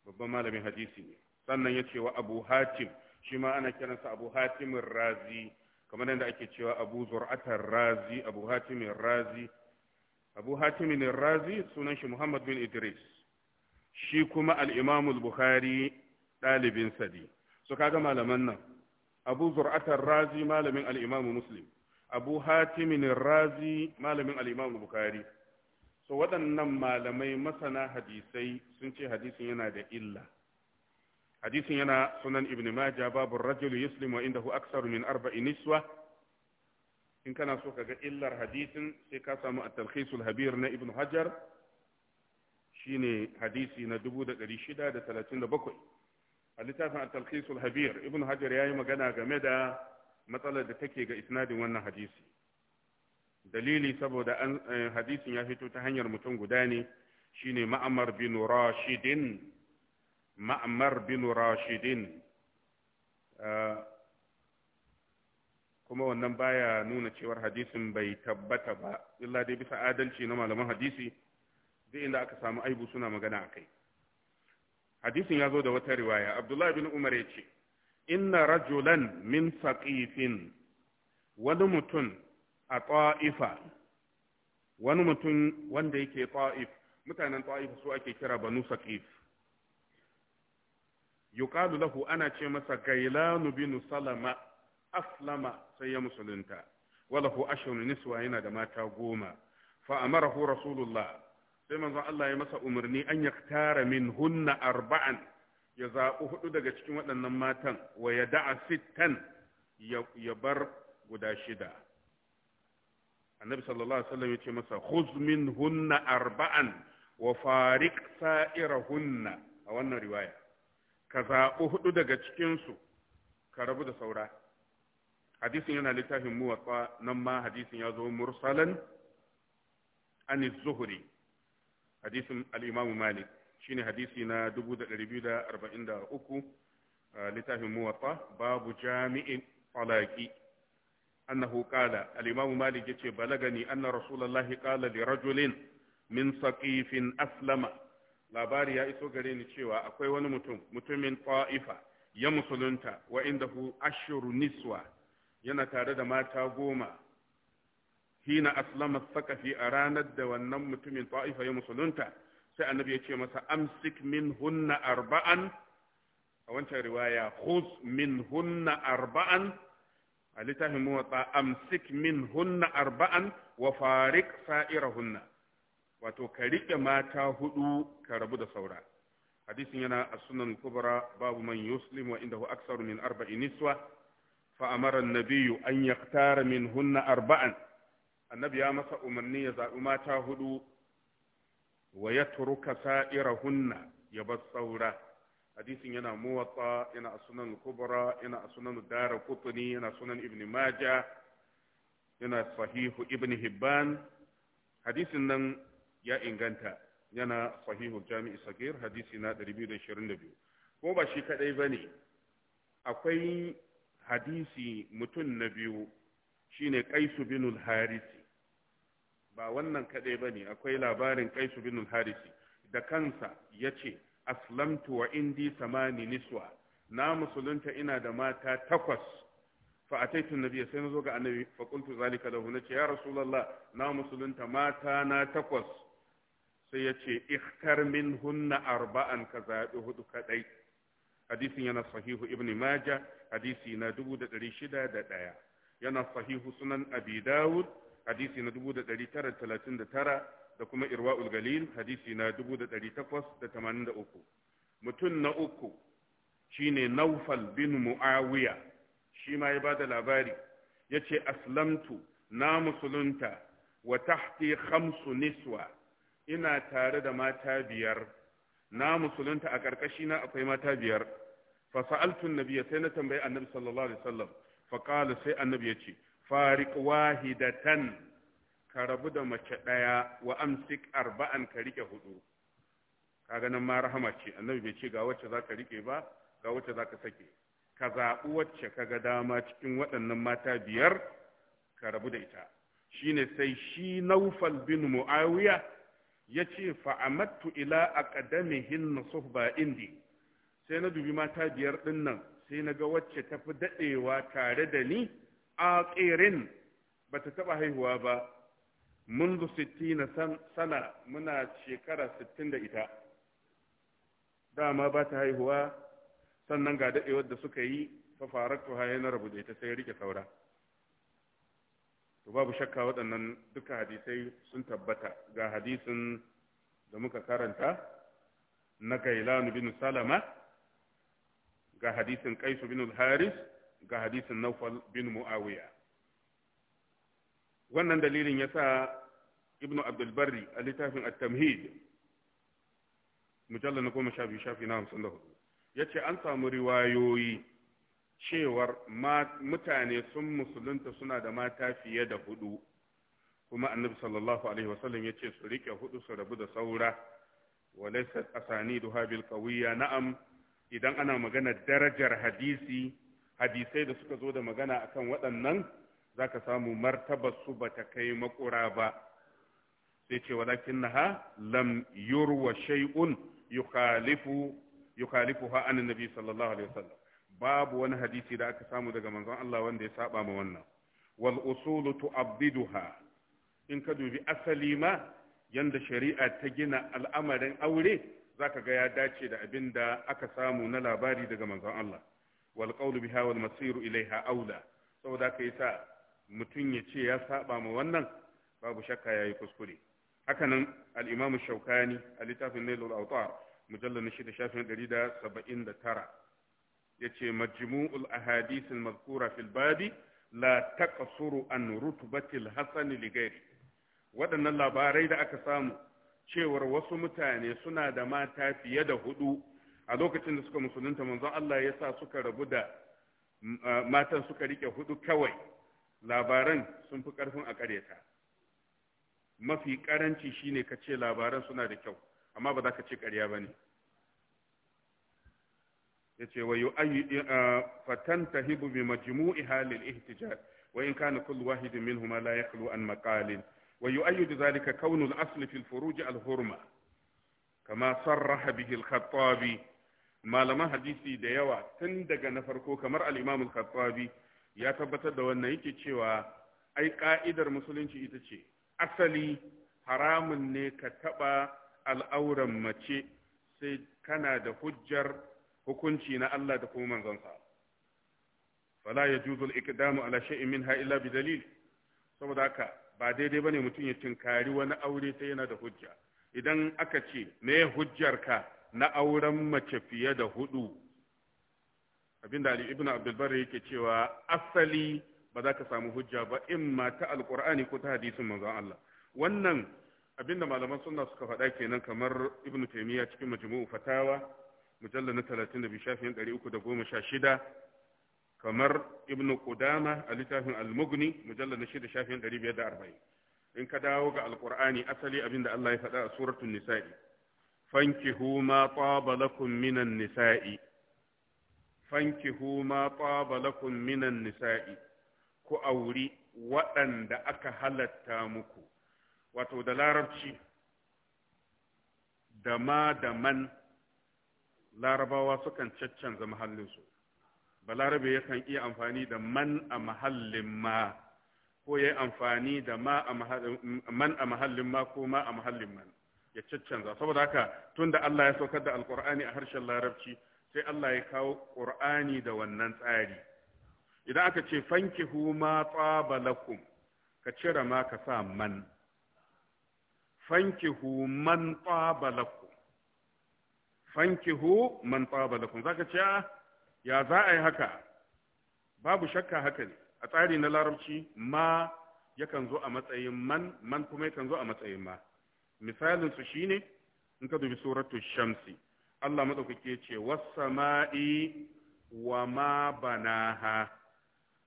babban malamin hadisi ne sannan ya cewa abu hatim shi ma ana kiransa abu hatimin razi kamar yadda ake cewa abu zur'atar razi abu hatimin razi abu hatimin razi sunan shi muhammad bin idris shi kuma al'imamul Buhari ɗalibin sadi su kaga malaman nan abu zur'atar razi malamin al'imamu muslim abu hatimin razi malamin Al'imamul Buhari. so waɗannan malamai masana hadisai sun ce hadisin yana da illa hadisin yana sunan ibn majah babu rajulu yuslimu hu aksaru min arba'in niswa in kana so ka ga illar hadisin sai ka samu at-talkhisul habir na ibn hajar shine hadisi na 637 a littafin at-talkhisul habir ibn hajar yayi magana game da matsalar da take ga isnadin wannan hadisi dalili saboda eh, hadisin ya fito ta hanyar mutum guda ne shine ma'amar bin rashidin ma'amar bin rashidin ah, kuma wannan baya nuna cewar hadisin bai tabbata ba illa dai bisa adalci na malaman hadisi duk inda aka samu aibu suna magana a kai hadisin ya zo da wata riwaya abdullahi bin umar ya ce inna rajulan min saqifin wani mutum a ta'ifa wani mutum wanda yake ta'if mutanen ta'ifa su ake kira banu saqif yuqalu lahu ana ce masa gailanu bin salama aslama sai ya musulunta walahu ashrun niswa yana da mata goma fa amarahu rasulullah sai manzon Allah ya masa umarni an yaktara min hunna arba'an ya zaɓi hudu daga cikin waɗannan matan wa ya da'a sittan ya bar guda shida annabi sallallahu alaihi wasallam ya ce masa khuz min hunna arba'an wa farik sa'irahunna a wannan riwaya ka zaɓi hudu daga cikinsu ka rabu da saura hadisin yana littafin muwatsa nan ma hadisin ya zo mursalan an zuhuri hadisin al-imam shine hadisi na 2243 littafin muwatsa babu jami'in talaqi annahu qala al-imam malik ce balagani anna rasulullahi qala li rajulin min sakifin aslama labari ya iso gare ni cewa akwai wani mutum mutumin ta'ifa ya musulunta wa indahu ashru niswa yana tare da mata goma hina aslama sakafi a ranar da wannan mutumin ta'ifa ya musulunta sai annabi ya ce masa amsik min hunna arba'an a wancan riwaya khuz min hunna arba'an a littafin muwatsa amsik min hunna arba'an wa farik hunna wato ka riƙe mata hudu ka rabu da saura hadisin yana a sunan kubra babu man yuslim wa indahu aksaru min arba'in niswa فأمر النبي أن يختار منهن أربعا النبي يا مسا أمرني يزعو ما تاهدو ويترك سائرهن يبس ثورة حديث ينا موطا ينا السنن الكبرى ينا السنن الدار قطني ينا سنن ابن ماجة ينا صحيح ابن هبان حديث ينا يا إنغانتا ينا yana sahihu jami'i sagir hadisi na 222 ko ba shi kadai بني akwai hadisi mutum na biyu shine Kaisu bin harisi ba wannan kadai bane akwai labarin Kaisu bin harisi da kansa yace aslamtu wa indi samani niswa na musulunta ina da mata takwas fa ataitu nabi sai nazo ga annabi fa qultu zalika lahu nace ya rasulullah na musulunta mata na takwas sai yace ikhtar minhunna arba'an ka zabi hudu kadai hadisin yana sahihu ibn majah hadisi na 601 yana sahihu sunan Abidawud. dawud hadisi na 1939 da kuma irwa'ul galil hadisi na 1883 mutum na uku shine naufal bin muawiya shi ma ya bada labari yace aslamtu na musulunta wa tahti khamsu niswa ina tare da mata biyar na musulunta a ƙarƙashi na akwai mata biyar fa sa'altu nabiyya sai na tambayi annabi sallallahu alaihi wasallam fa qala sai annabi yace fariq wahidatan ka rabu da mace daya wa amsik arba'an ka rike hudu kaga nan ma rahama ce annabi bai ce ga wacce za ka rike ba ga wacce za ka sake ka zaɓi wacce ka ga dama cikin waɗannan mata biyar ka rabu da ita shine sai shi naufal bin mu'awiya ya ce fa'amattu ila aqdamihin ba indi sai na dubi mata biyar dinnan sai na ga wacce tafi fi daɗewa tare da ni a kerin ba ta taɓa haihuwa ba منذ ستين sana muna shekara sittin da ita dama ba ta haihuwa sannan ga daɗewar da suka yi fa faratu na rabu ita sai rike saura to babu shakka waɗannan duka hadisai sun tabbata ga hadisin da muka karanta na gailanu bin salama ga hadisin kaisu bin haris ga hadisin naufal bin mu'awiya wannan dalilin ya sa ibnu abdulbari a littafin at-tamhid mujallar na goma sha shafi na hamsin da hudu ya ce an samu riwayoyi cewar mutane sun musulunta suna da mata fiye da hudu kuma annabi sallallahu alaihi wasallam ya ce su rike hudu su rabu da saura walaisa asani duha bil na'am idan ana magana darajar hadisi hadisai da suka zo da magana akan waɗannan zaka samu martabar su bata kai makura ba sai ce naha lam yurwa shay'un yukhalifu yukhalifuha an nabi sallallahu alaihi wasallam babu wani hadisi da aka samu daga manzon Allah wanda ya saba ma wannan wal usulu tu'abbiduha in ka dubi asali ma yanda shari'a ta gina al'amarin aure zaka ga ya dace da abin da aka samu na labari daga manzon Allah wal qawlu biha wal masiru ilaiha aula saboda ka sa mutum ya ce ya saba ma wannan babu shakka yayi kuskure hakanan al-imamu shaukani a littafin nailul awtar mujallal na shida shafin 179 yace majmu'ul ahadith al-mazkura fil babi la taqsuru an rutbatil hasan li ghairi waɗannan labarai da aka samu cewar wasu mutane suna da mata fiye da hudu a lokacin da suka musulunta manzon Allah ya sa suka rabu da matan suka rike hudu kawai labaran sun fi karfin a karyata mafi karanci shine kace labaran suna da kyau amma ba za ka ce karya ba ne yace wa yu'ayyi fatantahibu bi majmu'i halil ihtijaj wa in kana kullu wahidin minhuma la yakhlu an maqalin wa yu'ayyidu dhalika kaunu al-asl fi al-furuj al-hurma kama sarraha bihi al-khattabi malaman hadisi da yawa tun daga na farko kamar al-imam al-khattabi ya tabbatar da wannan yake cewa ai ka'idar musulunci ita ce asali haramun ne ka taba al'auran mace sai kana da hujjar hukunci na Allah da kuma manzonsa fala ya juzul ikdamu ala shay'in minha illa bi dalil saboda haka ba daidai bane mutum ya tinkari wani aure sai yana da hujja idan aka ce me ka na auren mace fiye da hudu abinda Ali ibn Abdul Barri yake cewa asali ba za ka samu hujja ba in ma ta alqur'ani ko ta hadisin manzon Allah wannan abinda malaman sunna suka faɗa kenan kamar ibnu taymiya cikin majmu'u fatawa mujalla na 32 shafin 316 kamar ibn qudama a littafin al-mughni mujalla na 6 shafin 540 in ka dawo ga alqur'ani asali abinda Allah ya faɗa a suratun nisa'i fankihu ma taba lakum minan nisa'i minan nisa'i ku auri waɗanda aka halatta muku wato da larabci dama da man larabawa sukan caccanza mahallinsu balarabe yakan iya amfani da man a mahallin ma ko ya yi amfani da man a mahallin ma ko ma a mahallin man ya caccanza saboda haka tunda Allah ya saukar da alkur'ani a harshen larabci sai Allah ya kawo ƙur'ani da wannan tsari idan aka ce fankihu ma tsaba lakum ka cire ma ka sa man fankihu man tsaba lakum fankihu man tsaba lakum zaka ce ah, ya za a yi haka babu shakka haka ne a tsari na larabci ma yakan zo a matsayin man man kuma yakan zo a matsayin ma misalin su shine in ka dubi suratu shamsi Allah madaukake ya ce was-sama'i wa ma banaha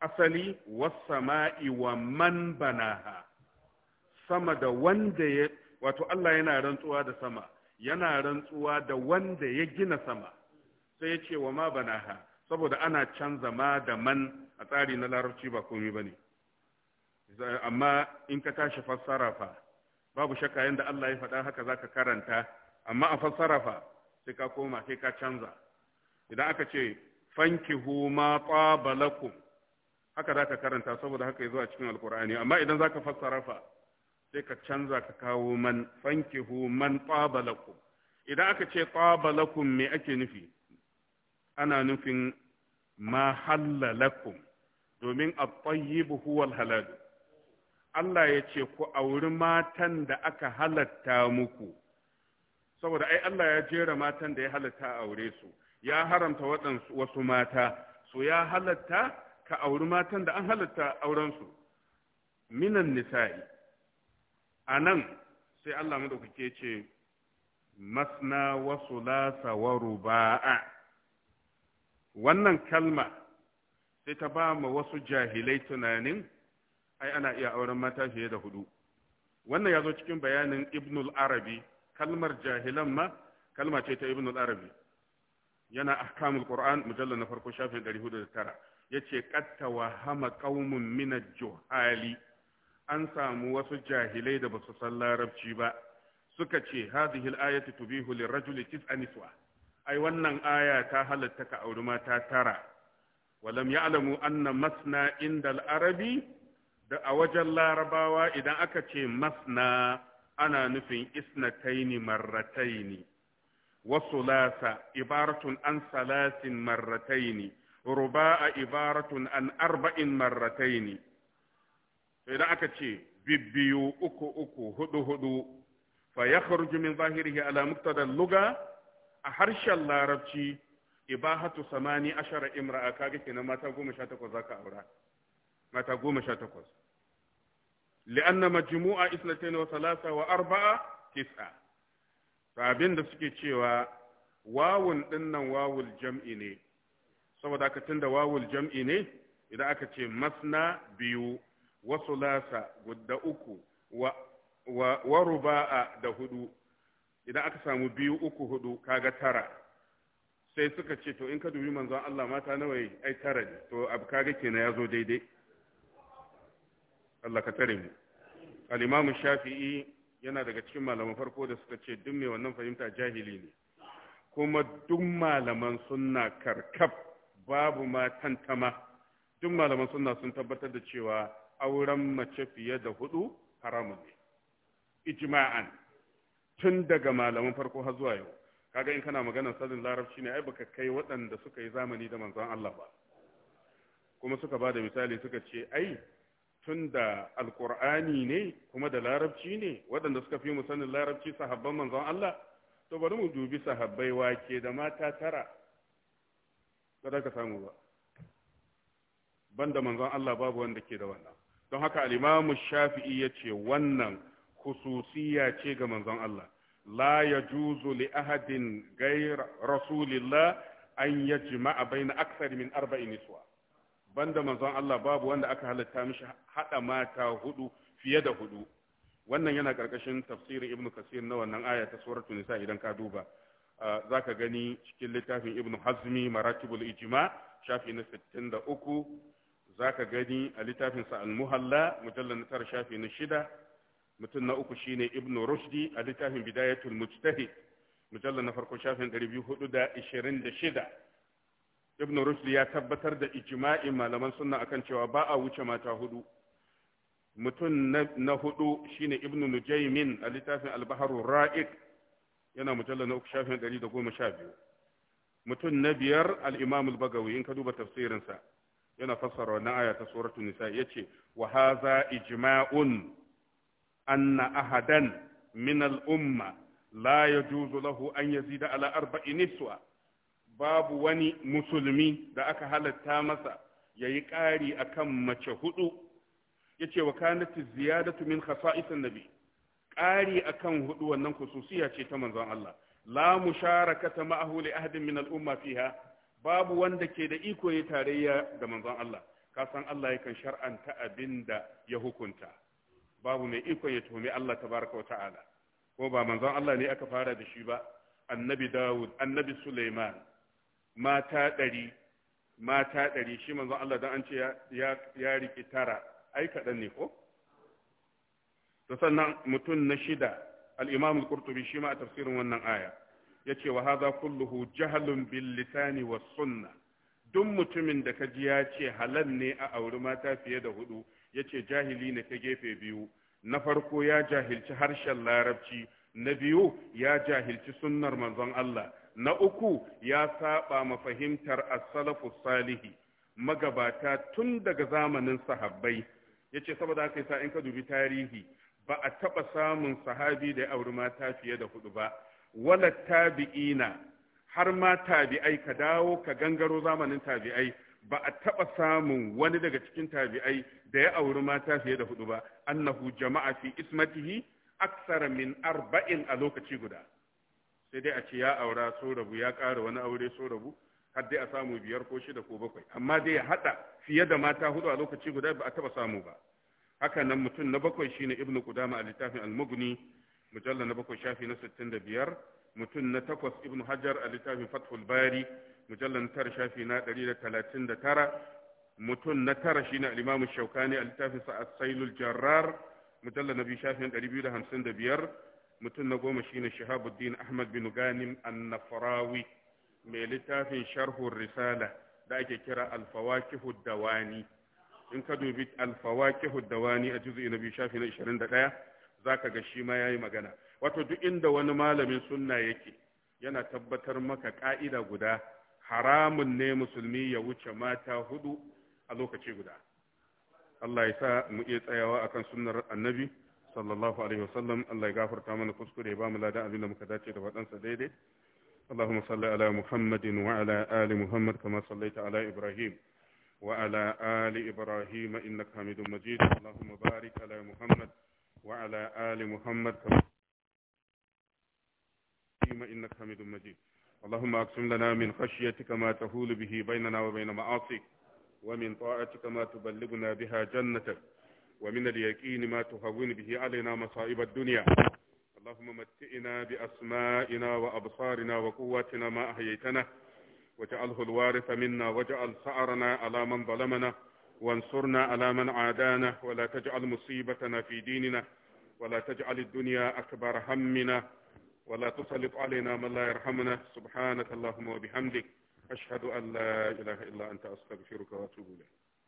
asali was-sama'i wa man banaha sama da wanda ya wato Allah yana rantsuwa da sama yana rantsuwa da wanda ya gina sama sai ya ce wa ma ha saboda ana canza ma da man a tsari na larabci ba komi bane amma in ka tashi fassara fa babu shakka yanda Allah ya faɗa haka zaka karanta amma a fassara fa sai ka koma sai ka canza idan aka ce fankihu ma qabalakum haka zaka karanta saboda haka yazo a cikin alqur'ani amma idan zaka fassara fa sai ka canza ka kawo man fankihu man qabalakum idan aka ce qabalakum me ake nufi ana nufin ma halalakum domin at-tayyib huwa al-halal Allah ya ce ku auri matan da aka halatta muku saboda ai Allah ya jera matan da ya halatta aure su ya haramta waɗansu wasu mata so ya halatta ka auri matan da an halatta aurensu minan nisa'i a nan sai Allah madaukake ce masna wa sulasa wa ruba'a wannan kalma sai ta ba ma wasu jahilai tunanin ai ana iya auren mata fiye da hudu wannan ya zo cikin bayanin ibnul arabi kalmar jahilan ma kalma ce ta ibnul arabi yana ahkamul qur'an mujallal na farko shafin 409 yace wa hama qaumun min al-juhali an samu wasu jahilai da basu san larabci ba suka ce hadhihi al-ayatu tubihu lirajuli tis'a niswa ai wannan aya ta halatta ka auri mata tara walam ya'lamu anna masna inda al-arabi da a wajen larabawa idan aka ce masna ana nufin isnataini marrataini wa sulasa ibaratun an salasin marrataini ruba'a ibaratun an arba'in marrataini to da aka ce bibbiyu uku uku hudu hudu fa ya kharuju min zahirihi ala muqtada luga a harshen larabci ibahatu samani ashara imra'a kaga kenan mata goma sha takwas zaka aura mata goma sha takwas majmu'a isnatain wa thalatha wa arba'a tis'a to abin da suke cewa wawun dinnan wawul jam'i ne saboda ka da wawul jam'i ne idan aka ce masna biyu wasulasa lasa uku wa wa, ruba'a da hudu idan aka samu biyu uku hudu kaga tara sai suka ce to in ka dubi manzon Allah mata nawa ai tara ne to abu kaga kenan ya zo daidai Allah ka tare mu al-Imam Shafi'i yana daga cikin malaman farko da suka ce duk mai wannan fahimta jahili ne kuma duk malaman sunna karkab babu ma tantama duk malaman sunna sun tabbatar da cewa auren mace fiye da hudu haramun ne ijma'an tun daga malaman farko har zuwa yau kaga in kana maganar sanin larabci ne ai baka kai waɗanda suka yi zamani da manzon Allah ba kuma suka bada misali suka ce ai tun da alkur'ani ne kuma da larabci ne waɗanda suka fi mu sanin larabci sahabban manzon Allah to bari mu dubi sahabbai wake da mata tara ba za ka samu ba banda manzon Allah babu wanda ke da wannan don haka alimamu shafi'i shafi'i yace wannan khususiyya ce ga manzon Allah la yajuzu li ahadin ghayr rasulillah an bai na akthar min arba'in niswa banda manzon Allah babu wanda aka halatta mishi haɗa mata hudu fiye da hudu wannan yana ƙarƙashin tafsirin ibnu kasir na wannan aya ta suratul nisa idan ka duba zaka gani cikin littafin ibnu hazmi maratibul Ijima shafi na 63 za ka gani a littafinsa al-muhalla mujallar na tara shafi na shida mutum na uku ne ibnu rushdi a littafin bidayatul mujtahid mujallar na farko shafin 426 ibnu rushdi ya tabbatar da ijma'in malaman sunna akan cewa ba a wuce mata hudu mutum na hudu ne ibnu nujaimin a littafin al-baharu yana mujallar na uku shafin 112 mutum na biyar al-imam bagawi in ka duba tafsirinsa yana fassara wannan aya ta suratul nisa yace wa hadha ijma'un anna ahadan min al-umma la yajuzu lahu an yazida ala arba'i niswa babu wani musulmi da aka halatta masa yayi kari akan mace hudu yace wa kanat ziyadatu min khasa'is an-nabi ƙari akan hudu wannan khususiya ce ta manzon Allah la musharakata ma'ahu li ahadin min al-umma fiha babu wanda ke da iko ya tarayya da manzon Allah ka san Allah yakan shar'anta abin da ya hukunta babu mai iko ya tuhumi Allah tabaraka wata'ala ko ba manzon Allah ne aka fara da shi ba annabi Dawud annabi Sulaiman mata ɗari mata ɗari shi manzon Allah dan an ce ya ya tara ai kaɗan ne ko to sannan mutum na shida al-Imam al-Qurtubi shi ma a tafsirin wannan aya yace wa hadha kulluhu jahlun bil lisani wa sunna duk mutumin da ka ji ya ce halal ne a auri mata fiye da hudu yace jahili ne ta gefe biyu na farko ya jahilci harshen larabci na biyu ya jahilci sunnar manzon Allah na uku ya saba ma fahimtar as-salafu salihi magabata tun daga zamanin sahabbai yace saboda haka yasa in ka dubi tarihi ba a taba samun sahabi da ya auri mata fiye da hudu ba wala tabi'ina har ma tabi'ai ka dawo ka gangaro zamanin tabi'ai ba a taba samun wani daga cikin tabi'ai da ya auri mata fiye da hudu ba annahu jama'a fi ismatihi aksara min arba'in a lokaci guda sai dai a ce ya aura so rabu ya ƙara wani aure so rabu har dai a samu biyar ko shida ko bakwai amma dai ya hada fiye da mata hudu a lokaci guda ba a taba samu ba haka nan mutum na bakwai shine ibnu qudama a littafin al-mughni mujalla na bakwai shafi na 65 mutum na takwas ibnu hajar a littafin fathul bari mujalla na tara shafi na 139 mutum na tara shine al-imam shaukani a littafin sa as-sailul jarrar mujalla na biyu shafin 255 mutum na goma shine shahabuddin ahmad bin ganim an-nafrawi mai littafin sharhur risala da ake kira al-fawakihu dawani in ka dubi al-fawakihu a juz'i biyu shafi na zaka ga shi ma yayi magana wato duk inda wani malamin sunna yake yana tabbatar maka ka'ida guda haramun ne musulmi ya wuce mata hudu a lokaci guda Allah ya sa mu iya tsayawa akan sunnar annabi sallallahu alaihi wasallam Allah ya gafarta mana kuskure ba mu ladan abin da muka dace da wadansa daidai اللهم صل على محمد وعلى آل محمد كما صليت على إبراهيم وعلى آل إبراهيم إنك حميد مجيد اللهم بارك على محمد وعلى آل محمد كما إنك حميد مجيد اللهم أقسم لنا من خشيتك ما تهول به بيننا وبين معاصيك ومن طاعتك ما تبلغنا بها جنتك ومن اليقين ما تهون به علينا مصائب الدنيا اللهم متئنا بأسمائنا وأبصارنا وقواتنا ما أحييتنا وجعله الوارث منا وجعل سعرنا على من ظلمنا وانصرنا على من عادانا ولا تجعل مصيبتنا في ديننا ولا تجعل الدنيا أكبر همنا ولا تسلط علينا من لا يرحمنا سبحانك اللهم وبحمدك أشهد أن لا إله إلا أنت أستغفرك وأتوب إليك